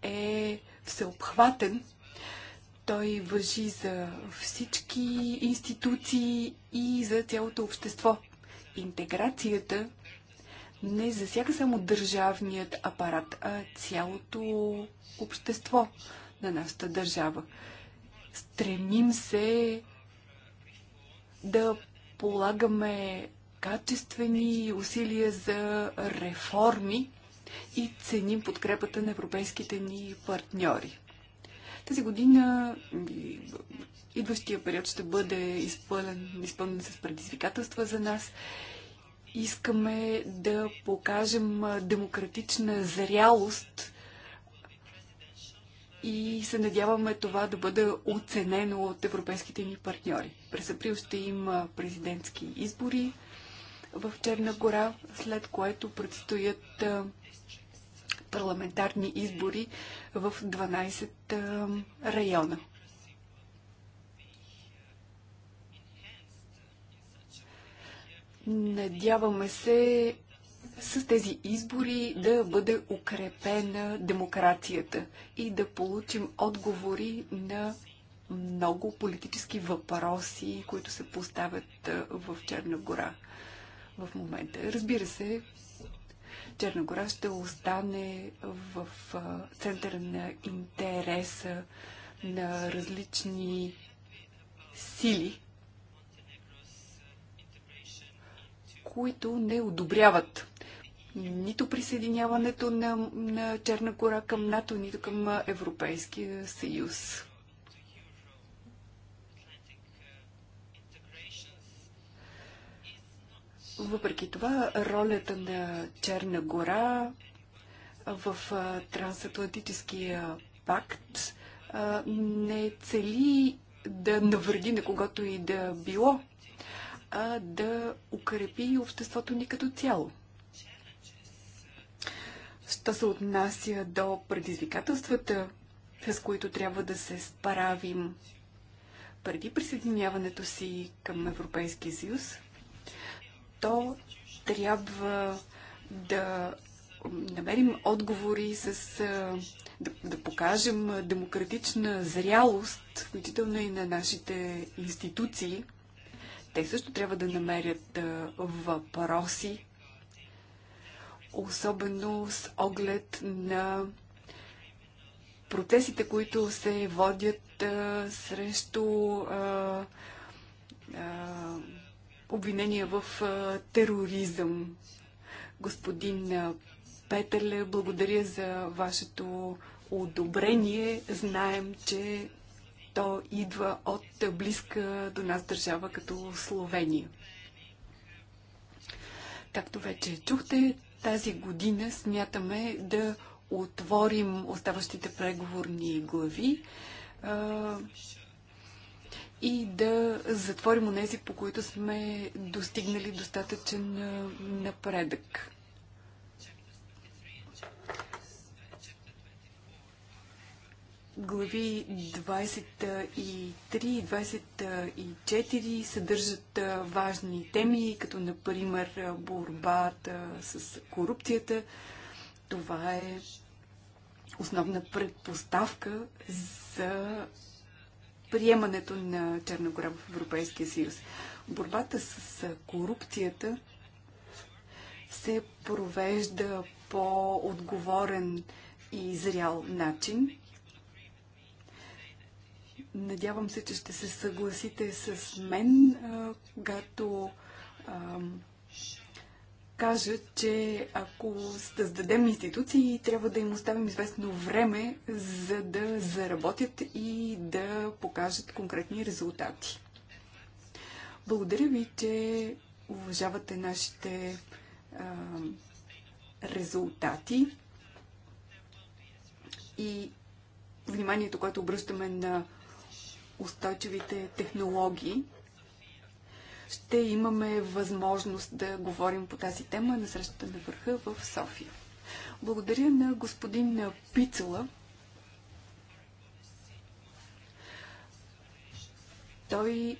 е всеобхватен. Той въжи за всички институции и за цялото общество. Интеграцията не засяга само държавният апарат, а цялото общество на нашата държава. Стремим се да полагаме качествени усилия за реформи, и ценим подкрепата на европейските ни партньори. Тази година идващия период ще бъде изпълнен, изпълнен с предизвикателства за нас. Искаме да покажем демократична зрялост и се надяваме това да бъде оценено от европейските ни партньори. През април ще има президентски избори в Черна гора, след което предстоят парламентарни избори в 12 района. Надяваме се с тези избори да бъде укрепена демокрацията и да получим отговори на много политически въпроси, които се поставят в Черна гора в момента. Разбира се, Черногора ще остане в центъра на интереса на различни сили, които не одобряват нито присъединяването на, на Черна гора към НАТО, нито към Европейския съюз. Въпреки това, ролята на Черна гора в трансатлантическия пакт не цели да навреди на когото и да било, а да укрепи обществото ни като цяло. Що се отнася до предизвикателствата, с които трябва да се справим преди присъединяването си към Европейския съюз, то трябва да намерим отговори с... да, да покажем демократична зрялост, включително и на нашите институции. Те също трябва да намерят въпроси, особено с оглед на процесите, които се водят срещу а, а, обвинения в тероризъм. Господин Петърле, благодаря за вашето одобрение. Знаем, че то идва от близка до нас държава като Словения. Както вече чухте, тази година смятаме да отворим оставащите преговорни глави и да затворим онези, по които сме достигнали достатъчен напредък. Глави 23 и 24 съдържат важни теми, като например борбата с корупцията. Това е основна предпоставка за приемането на Черна гора в Европейския съюз. Борбата с корупцията се провежда по отговорен и зрял начин. Надявам се, че ще се съгласите с мен, когато кажа, че ако създадем институции, трябва да им оставим известно време, за да заработят и да покажат конкретни резултати. Благодаря ви, че уважавате нашите а, резултати и вниманието, което обръщаме на устойчивите технологии ще имаме възможност да говорим по тази тема на срещата на върха в София. Благодаря на господин Пицела. Той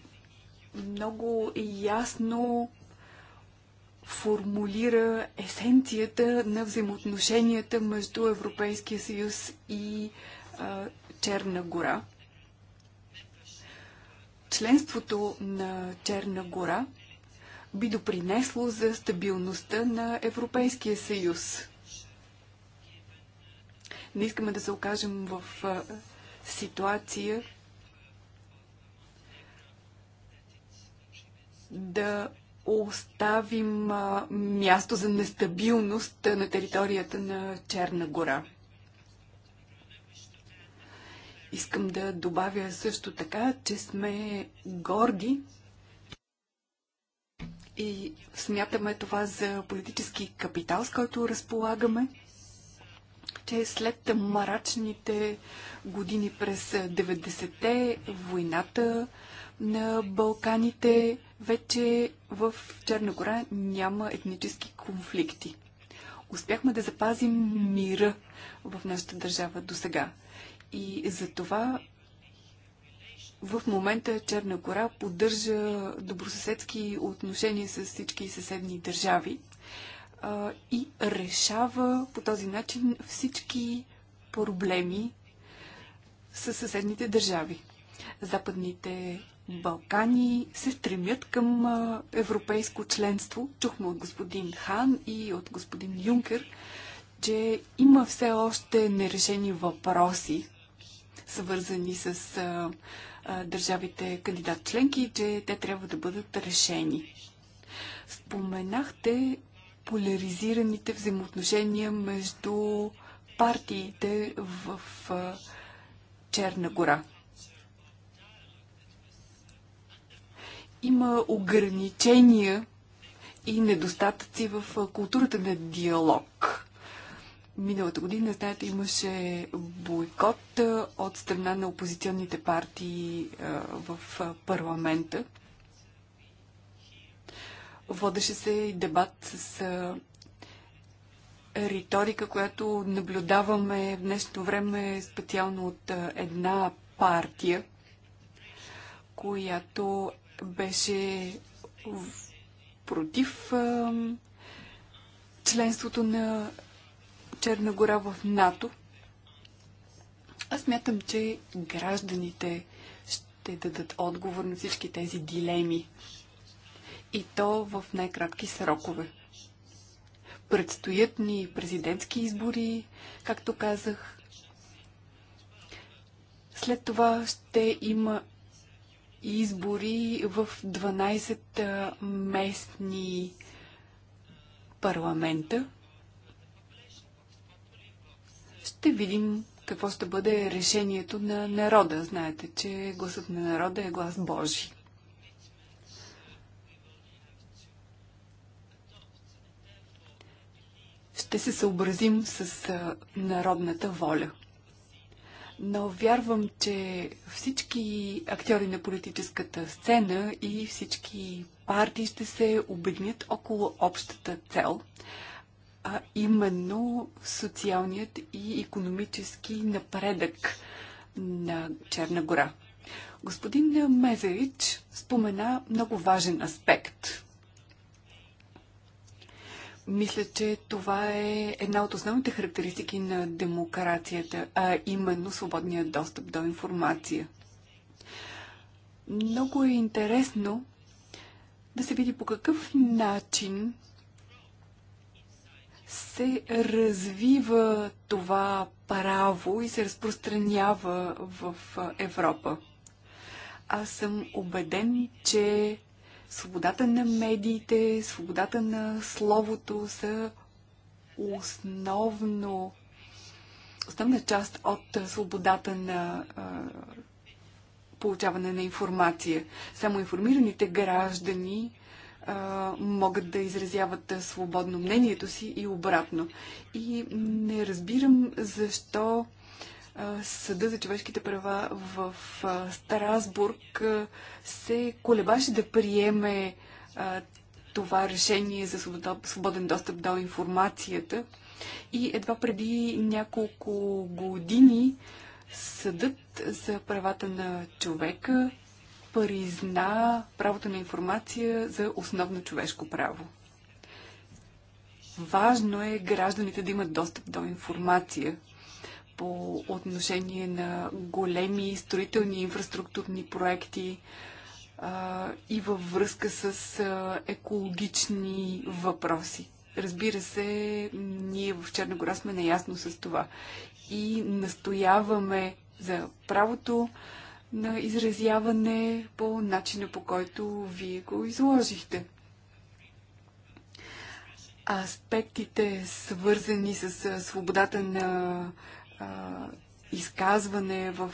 много ясно формулира есенцията на взаимоотношенията между Европейския съюз и а, Черна гора. Членството на Черна гора би допринесло за стабилността на Европейския съюз. Не искаме да се окажем в ситуация да оставим място за нестабилност на територията на Черна гора. Искам да добавя също така, че сме горди и смятаме това за политически капитал, с който разполагаме, че след марачните години през 90-те, войната на Балканите, вече в Черна гора няма етнически конфликти. Успяхме да запазим мира в нашата държава до сега. И за това в момента Черна гора поддържа добросъседски отношения с всички съседни държави а, и решава по този начин всички проблеми с съседните държави. Западните Балкани се стремят към европейско членство. Чухме от господин Хан и от господин Юнкер, че има все още нерешени въпроси свързани с а, а, държавите кандидат членки, че те трябва да бъдат решени. Споменахте поляризираните взаимоотношения между партиите в а, Черна гора. Има ограничения и недостатъци в културата на диалог Миналата година, знаете, имаше бойкот от страна на опозиционните партии в парламента. Водеше се и дебат с риторика, която наблюдаваме в днешно време специално от една партия, която беше против членството на Черна гора в НАТО, аз мятам, че гражданите ще дадат отговор на всички тези дилеми. И то в най-кратки срокове. Предстоят ни президентски избори, както казах. След това ще има избори в 12 местни парламента. Ще видим какво ще бъде решението на народа. Знаете, че гласът на народа е глас Божий. Ще се съобразим с народната воля. Но вярвам, че всички актьори на политическата сцена и всички партии ще се обединят около общата цел – а именно социалният и економически напредък на Черна гора. Господин Мезерич спомена много важен аспект. Мисля, че това е една от основните характеристики на демокрацията, а именно свободния достъп до информация. Много е интересно да се види по какъв начин се развива това право и се разпространява в Европа. Аз съм убеден, че свободата на медиите, свободата на словото са основно, основна част от свободата на а, получаване на информация. Само информираните граждани а, могат да изразяват свободно мнението си и обратно. И не разбирам защо а, Съда за човешките права в а, Страсбург а, се колебаше да приеме а, това решение за свободен достъп до информацията. И едва преди няколко години Съдът за правата на човека призна правото на информация за основно човешко право. Важно е гражданите да имат достъп до информация по отношение на големи строителни инфраструктурни проекти а, и във връзка с а, екологични въпроси. Разбира се, ние в Черна гора сме наясно с това и настояваме за правото на изразяване по начина по който вие го изложихте. Аспектите, свързани с свободата на изказване в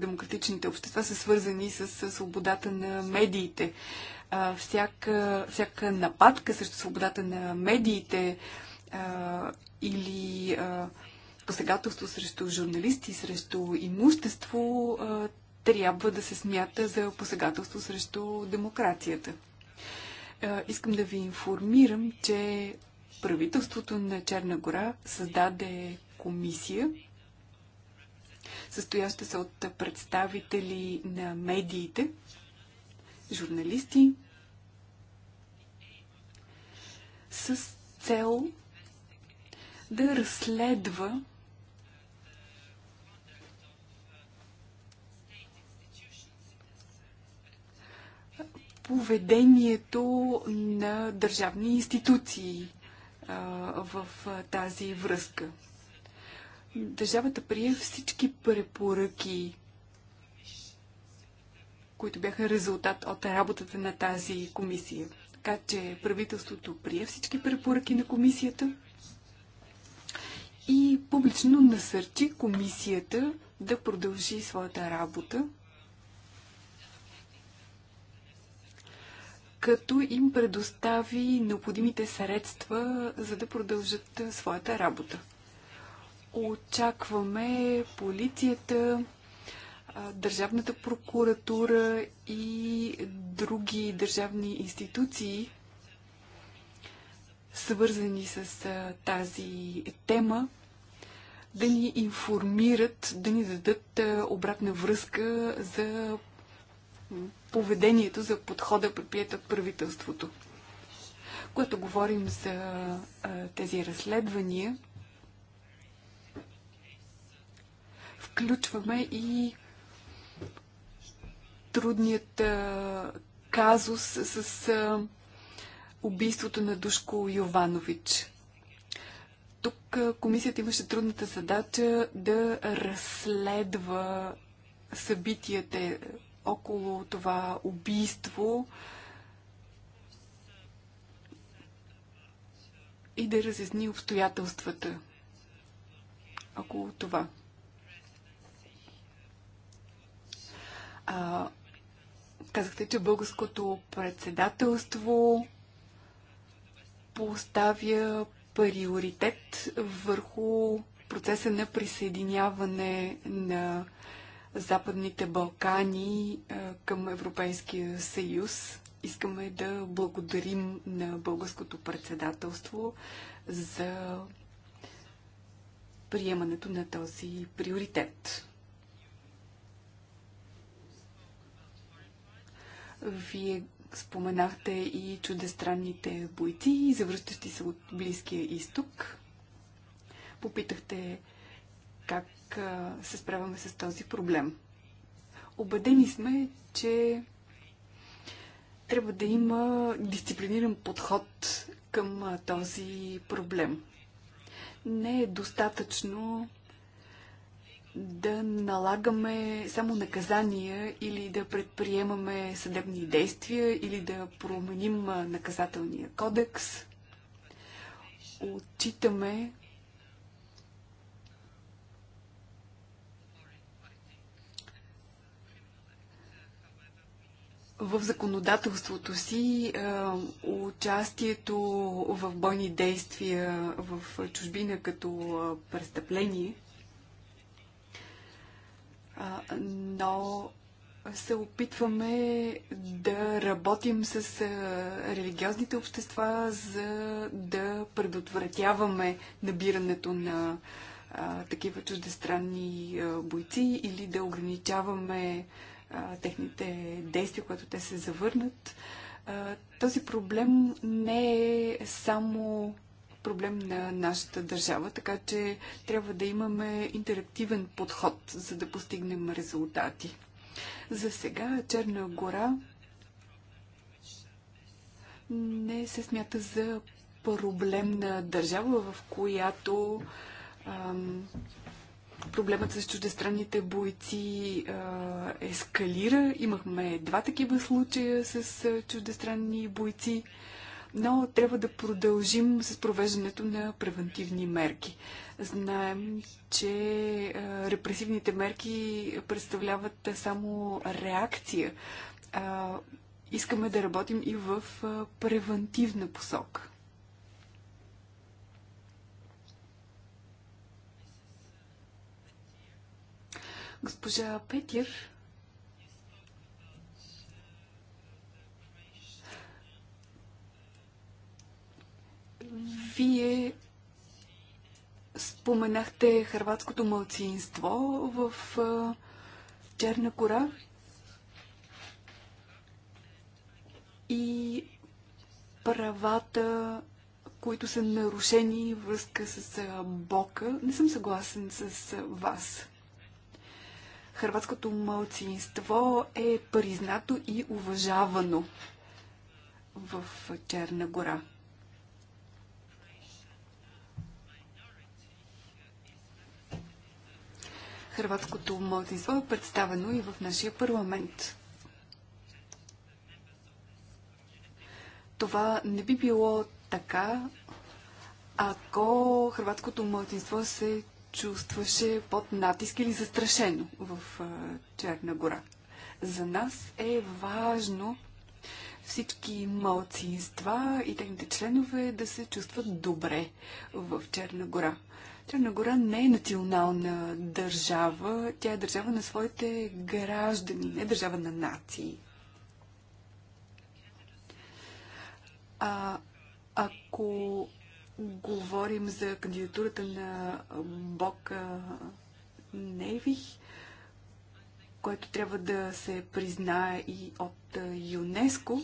демократичните общества, са свързани с свободата на медиите. Всяка, всяка нападка срещу свободата на медиите или посегателство срещу журналисти, срещу имущество, трябва да се смята за посегателство срещу демокрацията. Е, искам да ви информирам, че правителството на Черна гора създаде комисия, състояща се от представители на медиите, журналисти, с цел да разследва поведението на държавни институции в тази връзка. Държавата прие всички препоръки, които бяха резултат от работата на тази комисия. Така че правителството прие всички препоръки на комисията и публично насърчи комисията да продължи своята работа като им предостави необходимите средства, за да продължат своята работа. Очакваме полицията, Държавната прокуратура и други държавни институции, свързани с тази тема, да ни информират, да ни дадат обратна връзка за поведението, за подхода, предприят от правителството. Когато говорим за а, тези разследвания, включваме и трудният а, казус с, с а, убийството на Душко Йованович. Тук а, комисията имаше трудната задача да разследва събитията, около това убийство и да разясни обстоятелствата около това. А, казахте, че българското председателство поставя приоритет върху процеса на присъединяване на Западните Балкани към Европейския съюз. Искаме да благодарим на българското председателство за приемането на този приоритет. Вие споменахте и чудестранните бойци, завръщащи се от Близкия изток. Попитахте как се справяме с този проблем. Обедени сме, че трябва да има дисциплиниран подход към този проблем. Не е достатъчно да налагаме само наказания или да предприемаме съдебни действия или да променим наказателния кодекс. Отчитаме в законодателството си е, участието в бойни действия в чужбина като е, престъпление, но се опитваме да работим с е, религиозните общества, за да предотвратяваме набирането на такива чуждестранни бойци или да ограничаваме а, техните действия, когато те се завърнат. А, този проблем не е само проблем на нашата държава, така че трябва да имаме интерактивен подход, за да постигнем резултати. За сега Черна гора не се смята за проблемна държава, в която ам, проблемът с чуждестранните бойци а, ескалира. Имахме два такива случая с а, чуждестранни бойци, но трябва да продължим с провеждането на превентивни мерки. Знаем, че а, репресивните мерки представляват само реакция. А, искаме да работим и в а, превентивна посока. Госпожа Петир Вие споменахте хрватското мълцинство в Черна кора и правата, които са нарушени връзка с Бока. Не съм съгласен с вас. Хрватското мълцинство е признато и уважавано в Черна гора. Хрватското мълцинство е представено и в нашия парламент. Това не би било така, ако хрватското мълцинство се чувстваше под натиск или застрашено в Черна гора. За нас е важно всички малцинства и техните членове да се чувстват добре в Черна гора. Черна гора не е национална държава, тя е държава на своите граждани, не е държава на нации. А, ако говорим за кандидатурата на Бог Невих, което трябва да се признае и от ЮНЕСКо,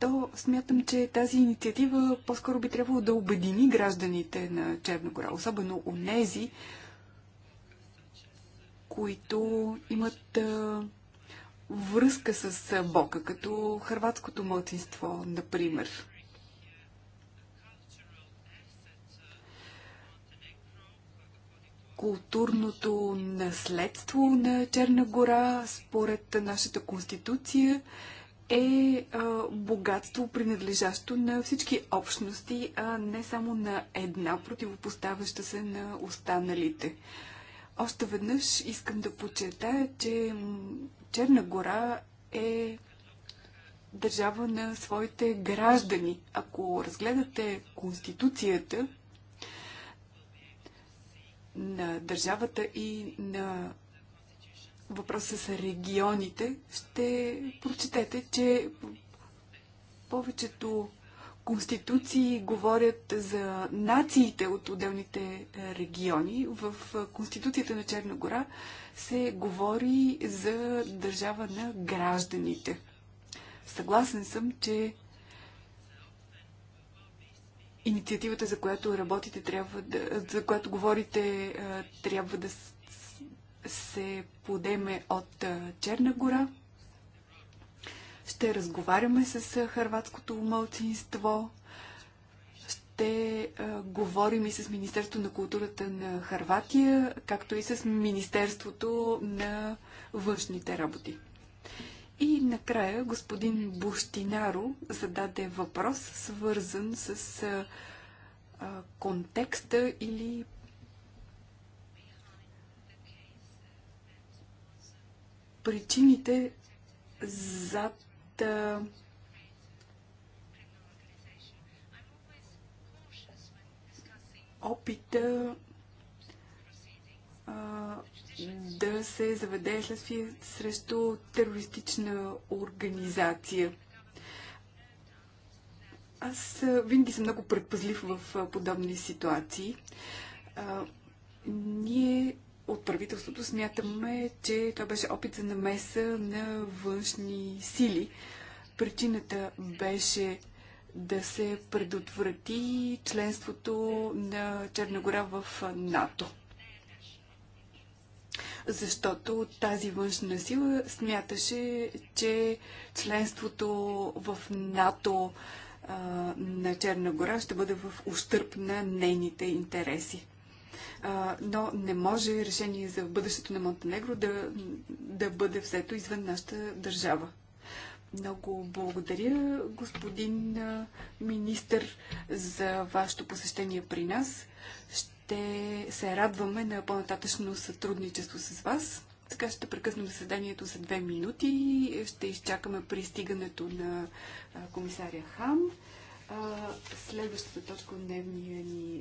то смятам, че тази инициатива по-скоро би трябвало да обедини гражданите на Черна гора, особено нези, които имат връзка с Бока, като хрватското мълтинство, например. културното наследство на Черна гора, според нашата конституция, е богатство, принадлежащо на всички общности, а не само на една, противопоставяща се на останалите. Още веднъж искам да подчертая, че Черна гора е държава на своите граждани. Ако разгледате Конституцията, на държавата и на въпроса с регионите, ще прочетете, че повечето конституции говорят за нациите от отделните региони. В Конституцията на Черна гора се говори за държава на гражданите. Съгласен съм, че инициативата, за която работите, трябва да, за която говорите, трябва да се подеме от Черна гора. Ще разговаряме с хърватското мълцинство. Ще говорим и с Министерството на културата на Харватия, както и с Министерството на външните работи. И накрая господин Бустинаро зададе въпрос, свързан с а, а, контекста или причините зад а, опита а, да се заведе следствие срещу терористична организация. Аз винаги съм много предпазлив в подобни ситуации. А, ние от правителството смятаме, че това беше опит за намеса на външни сили. Причината беше да се предотврати членството на Черна гора в НАТО защото тази външна сила смяташе, че членството в НАТО а, на Черна гора ще бъде в ущърп на нейните интереси. А, но не може решение за бъдещето на Монтенегро да, да бъде взето извън нашата държава. Много благодаря, господин министър, за вашето посещение при нас ще се радваме на по-нататъчно сътрудничество с вас. Така ще прекъснем заседанието за две минути. Ще изчакаме пристигането на комисаря Хам. Следващата точка от дневния ни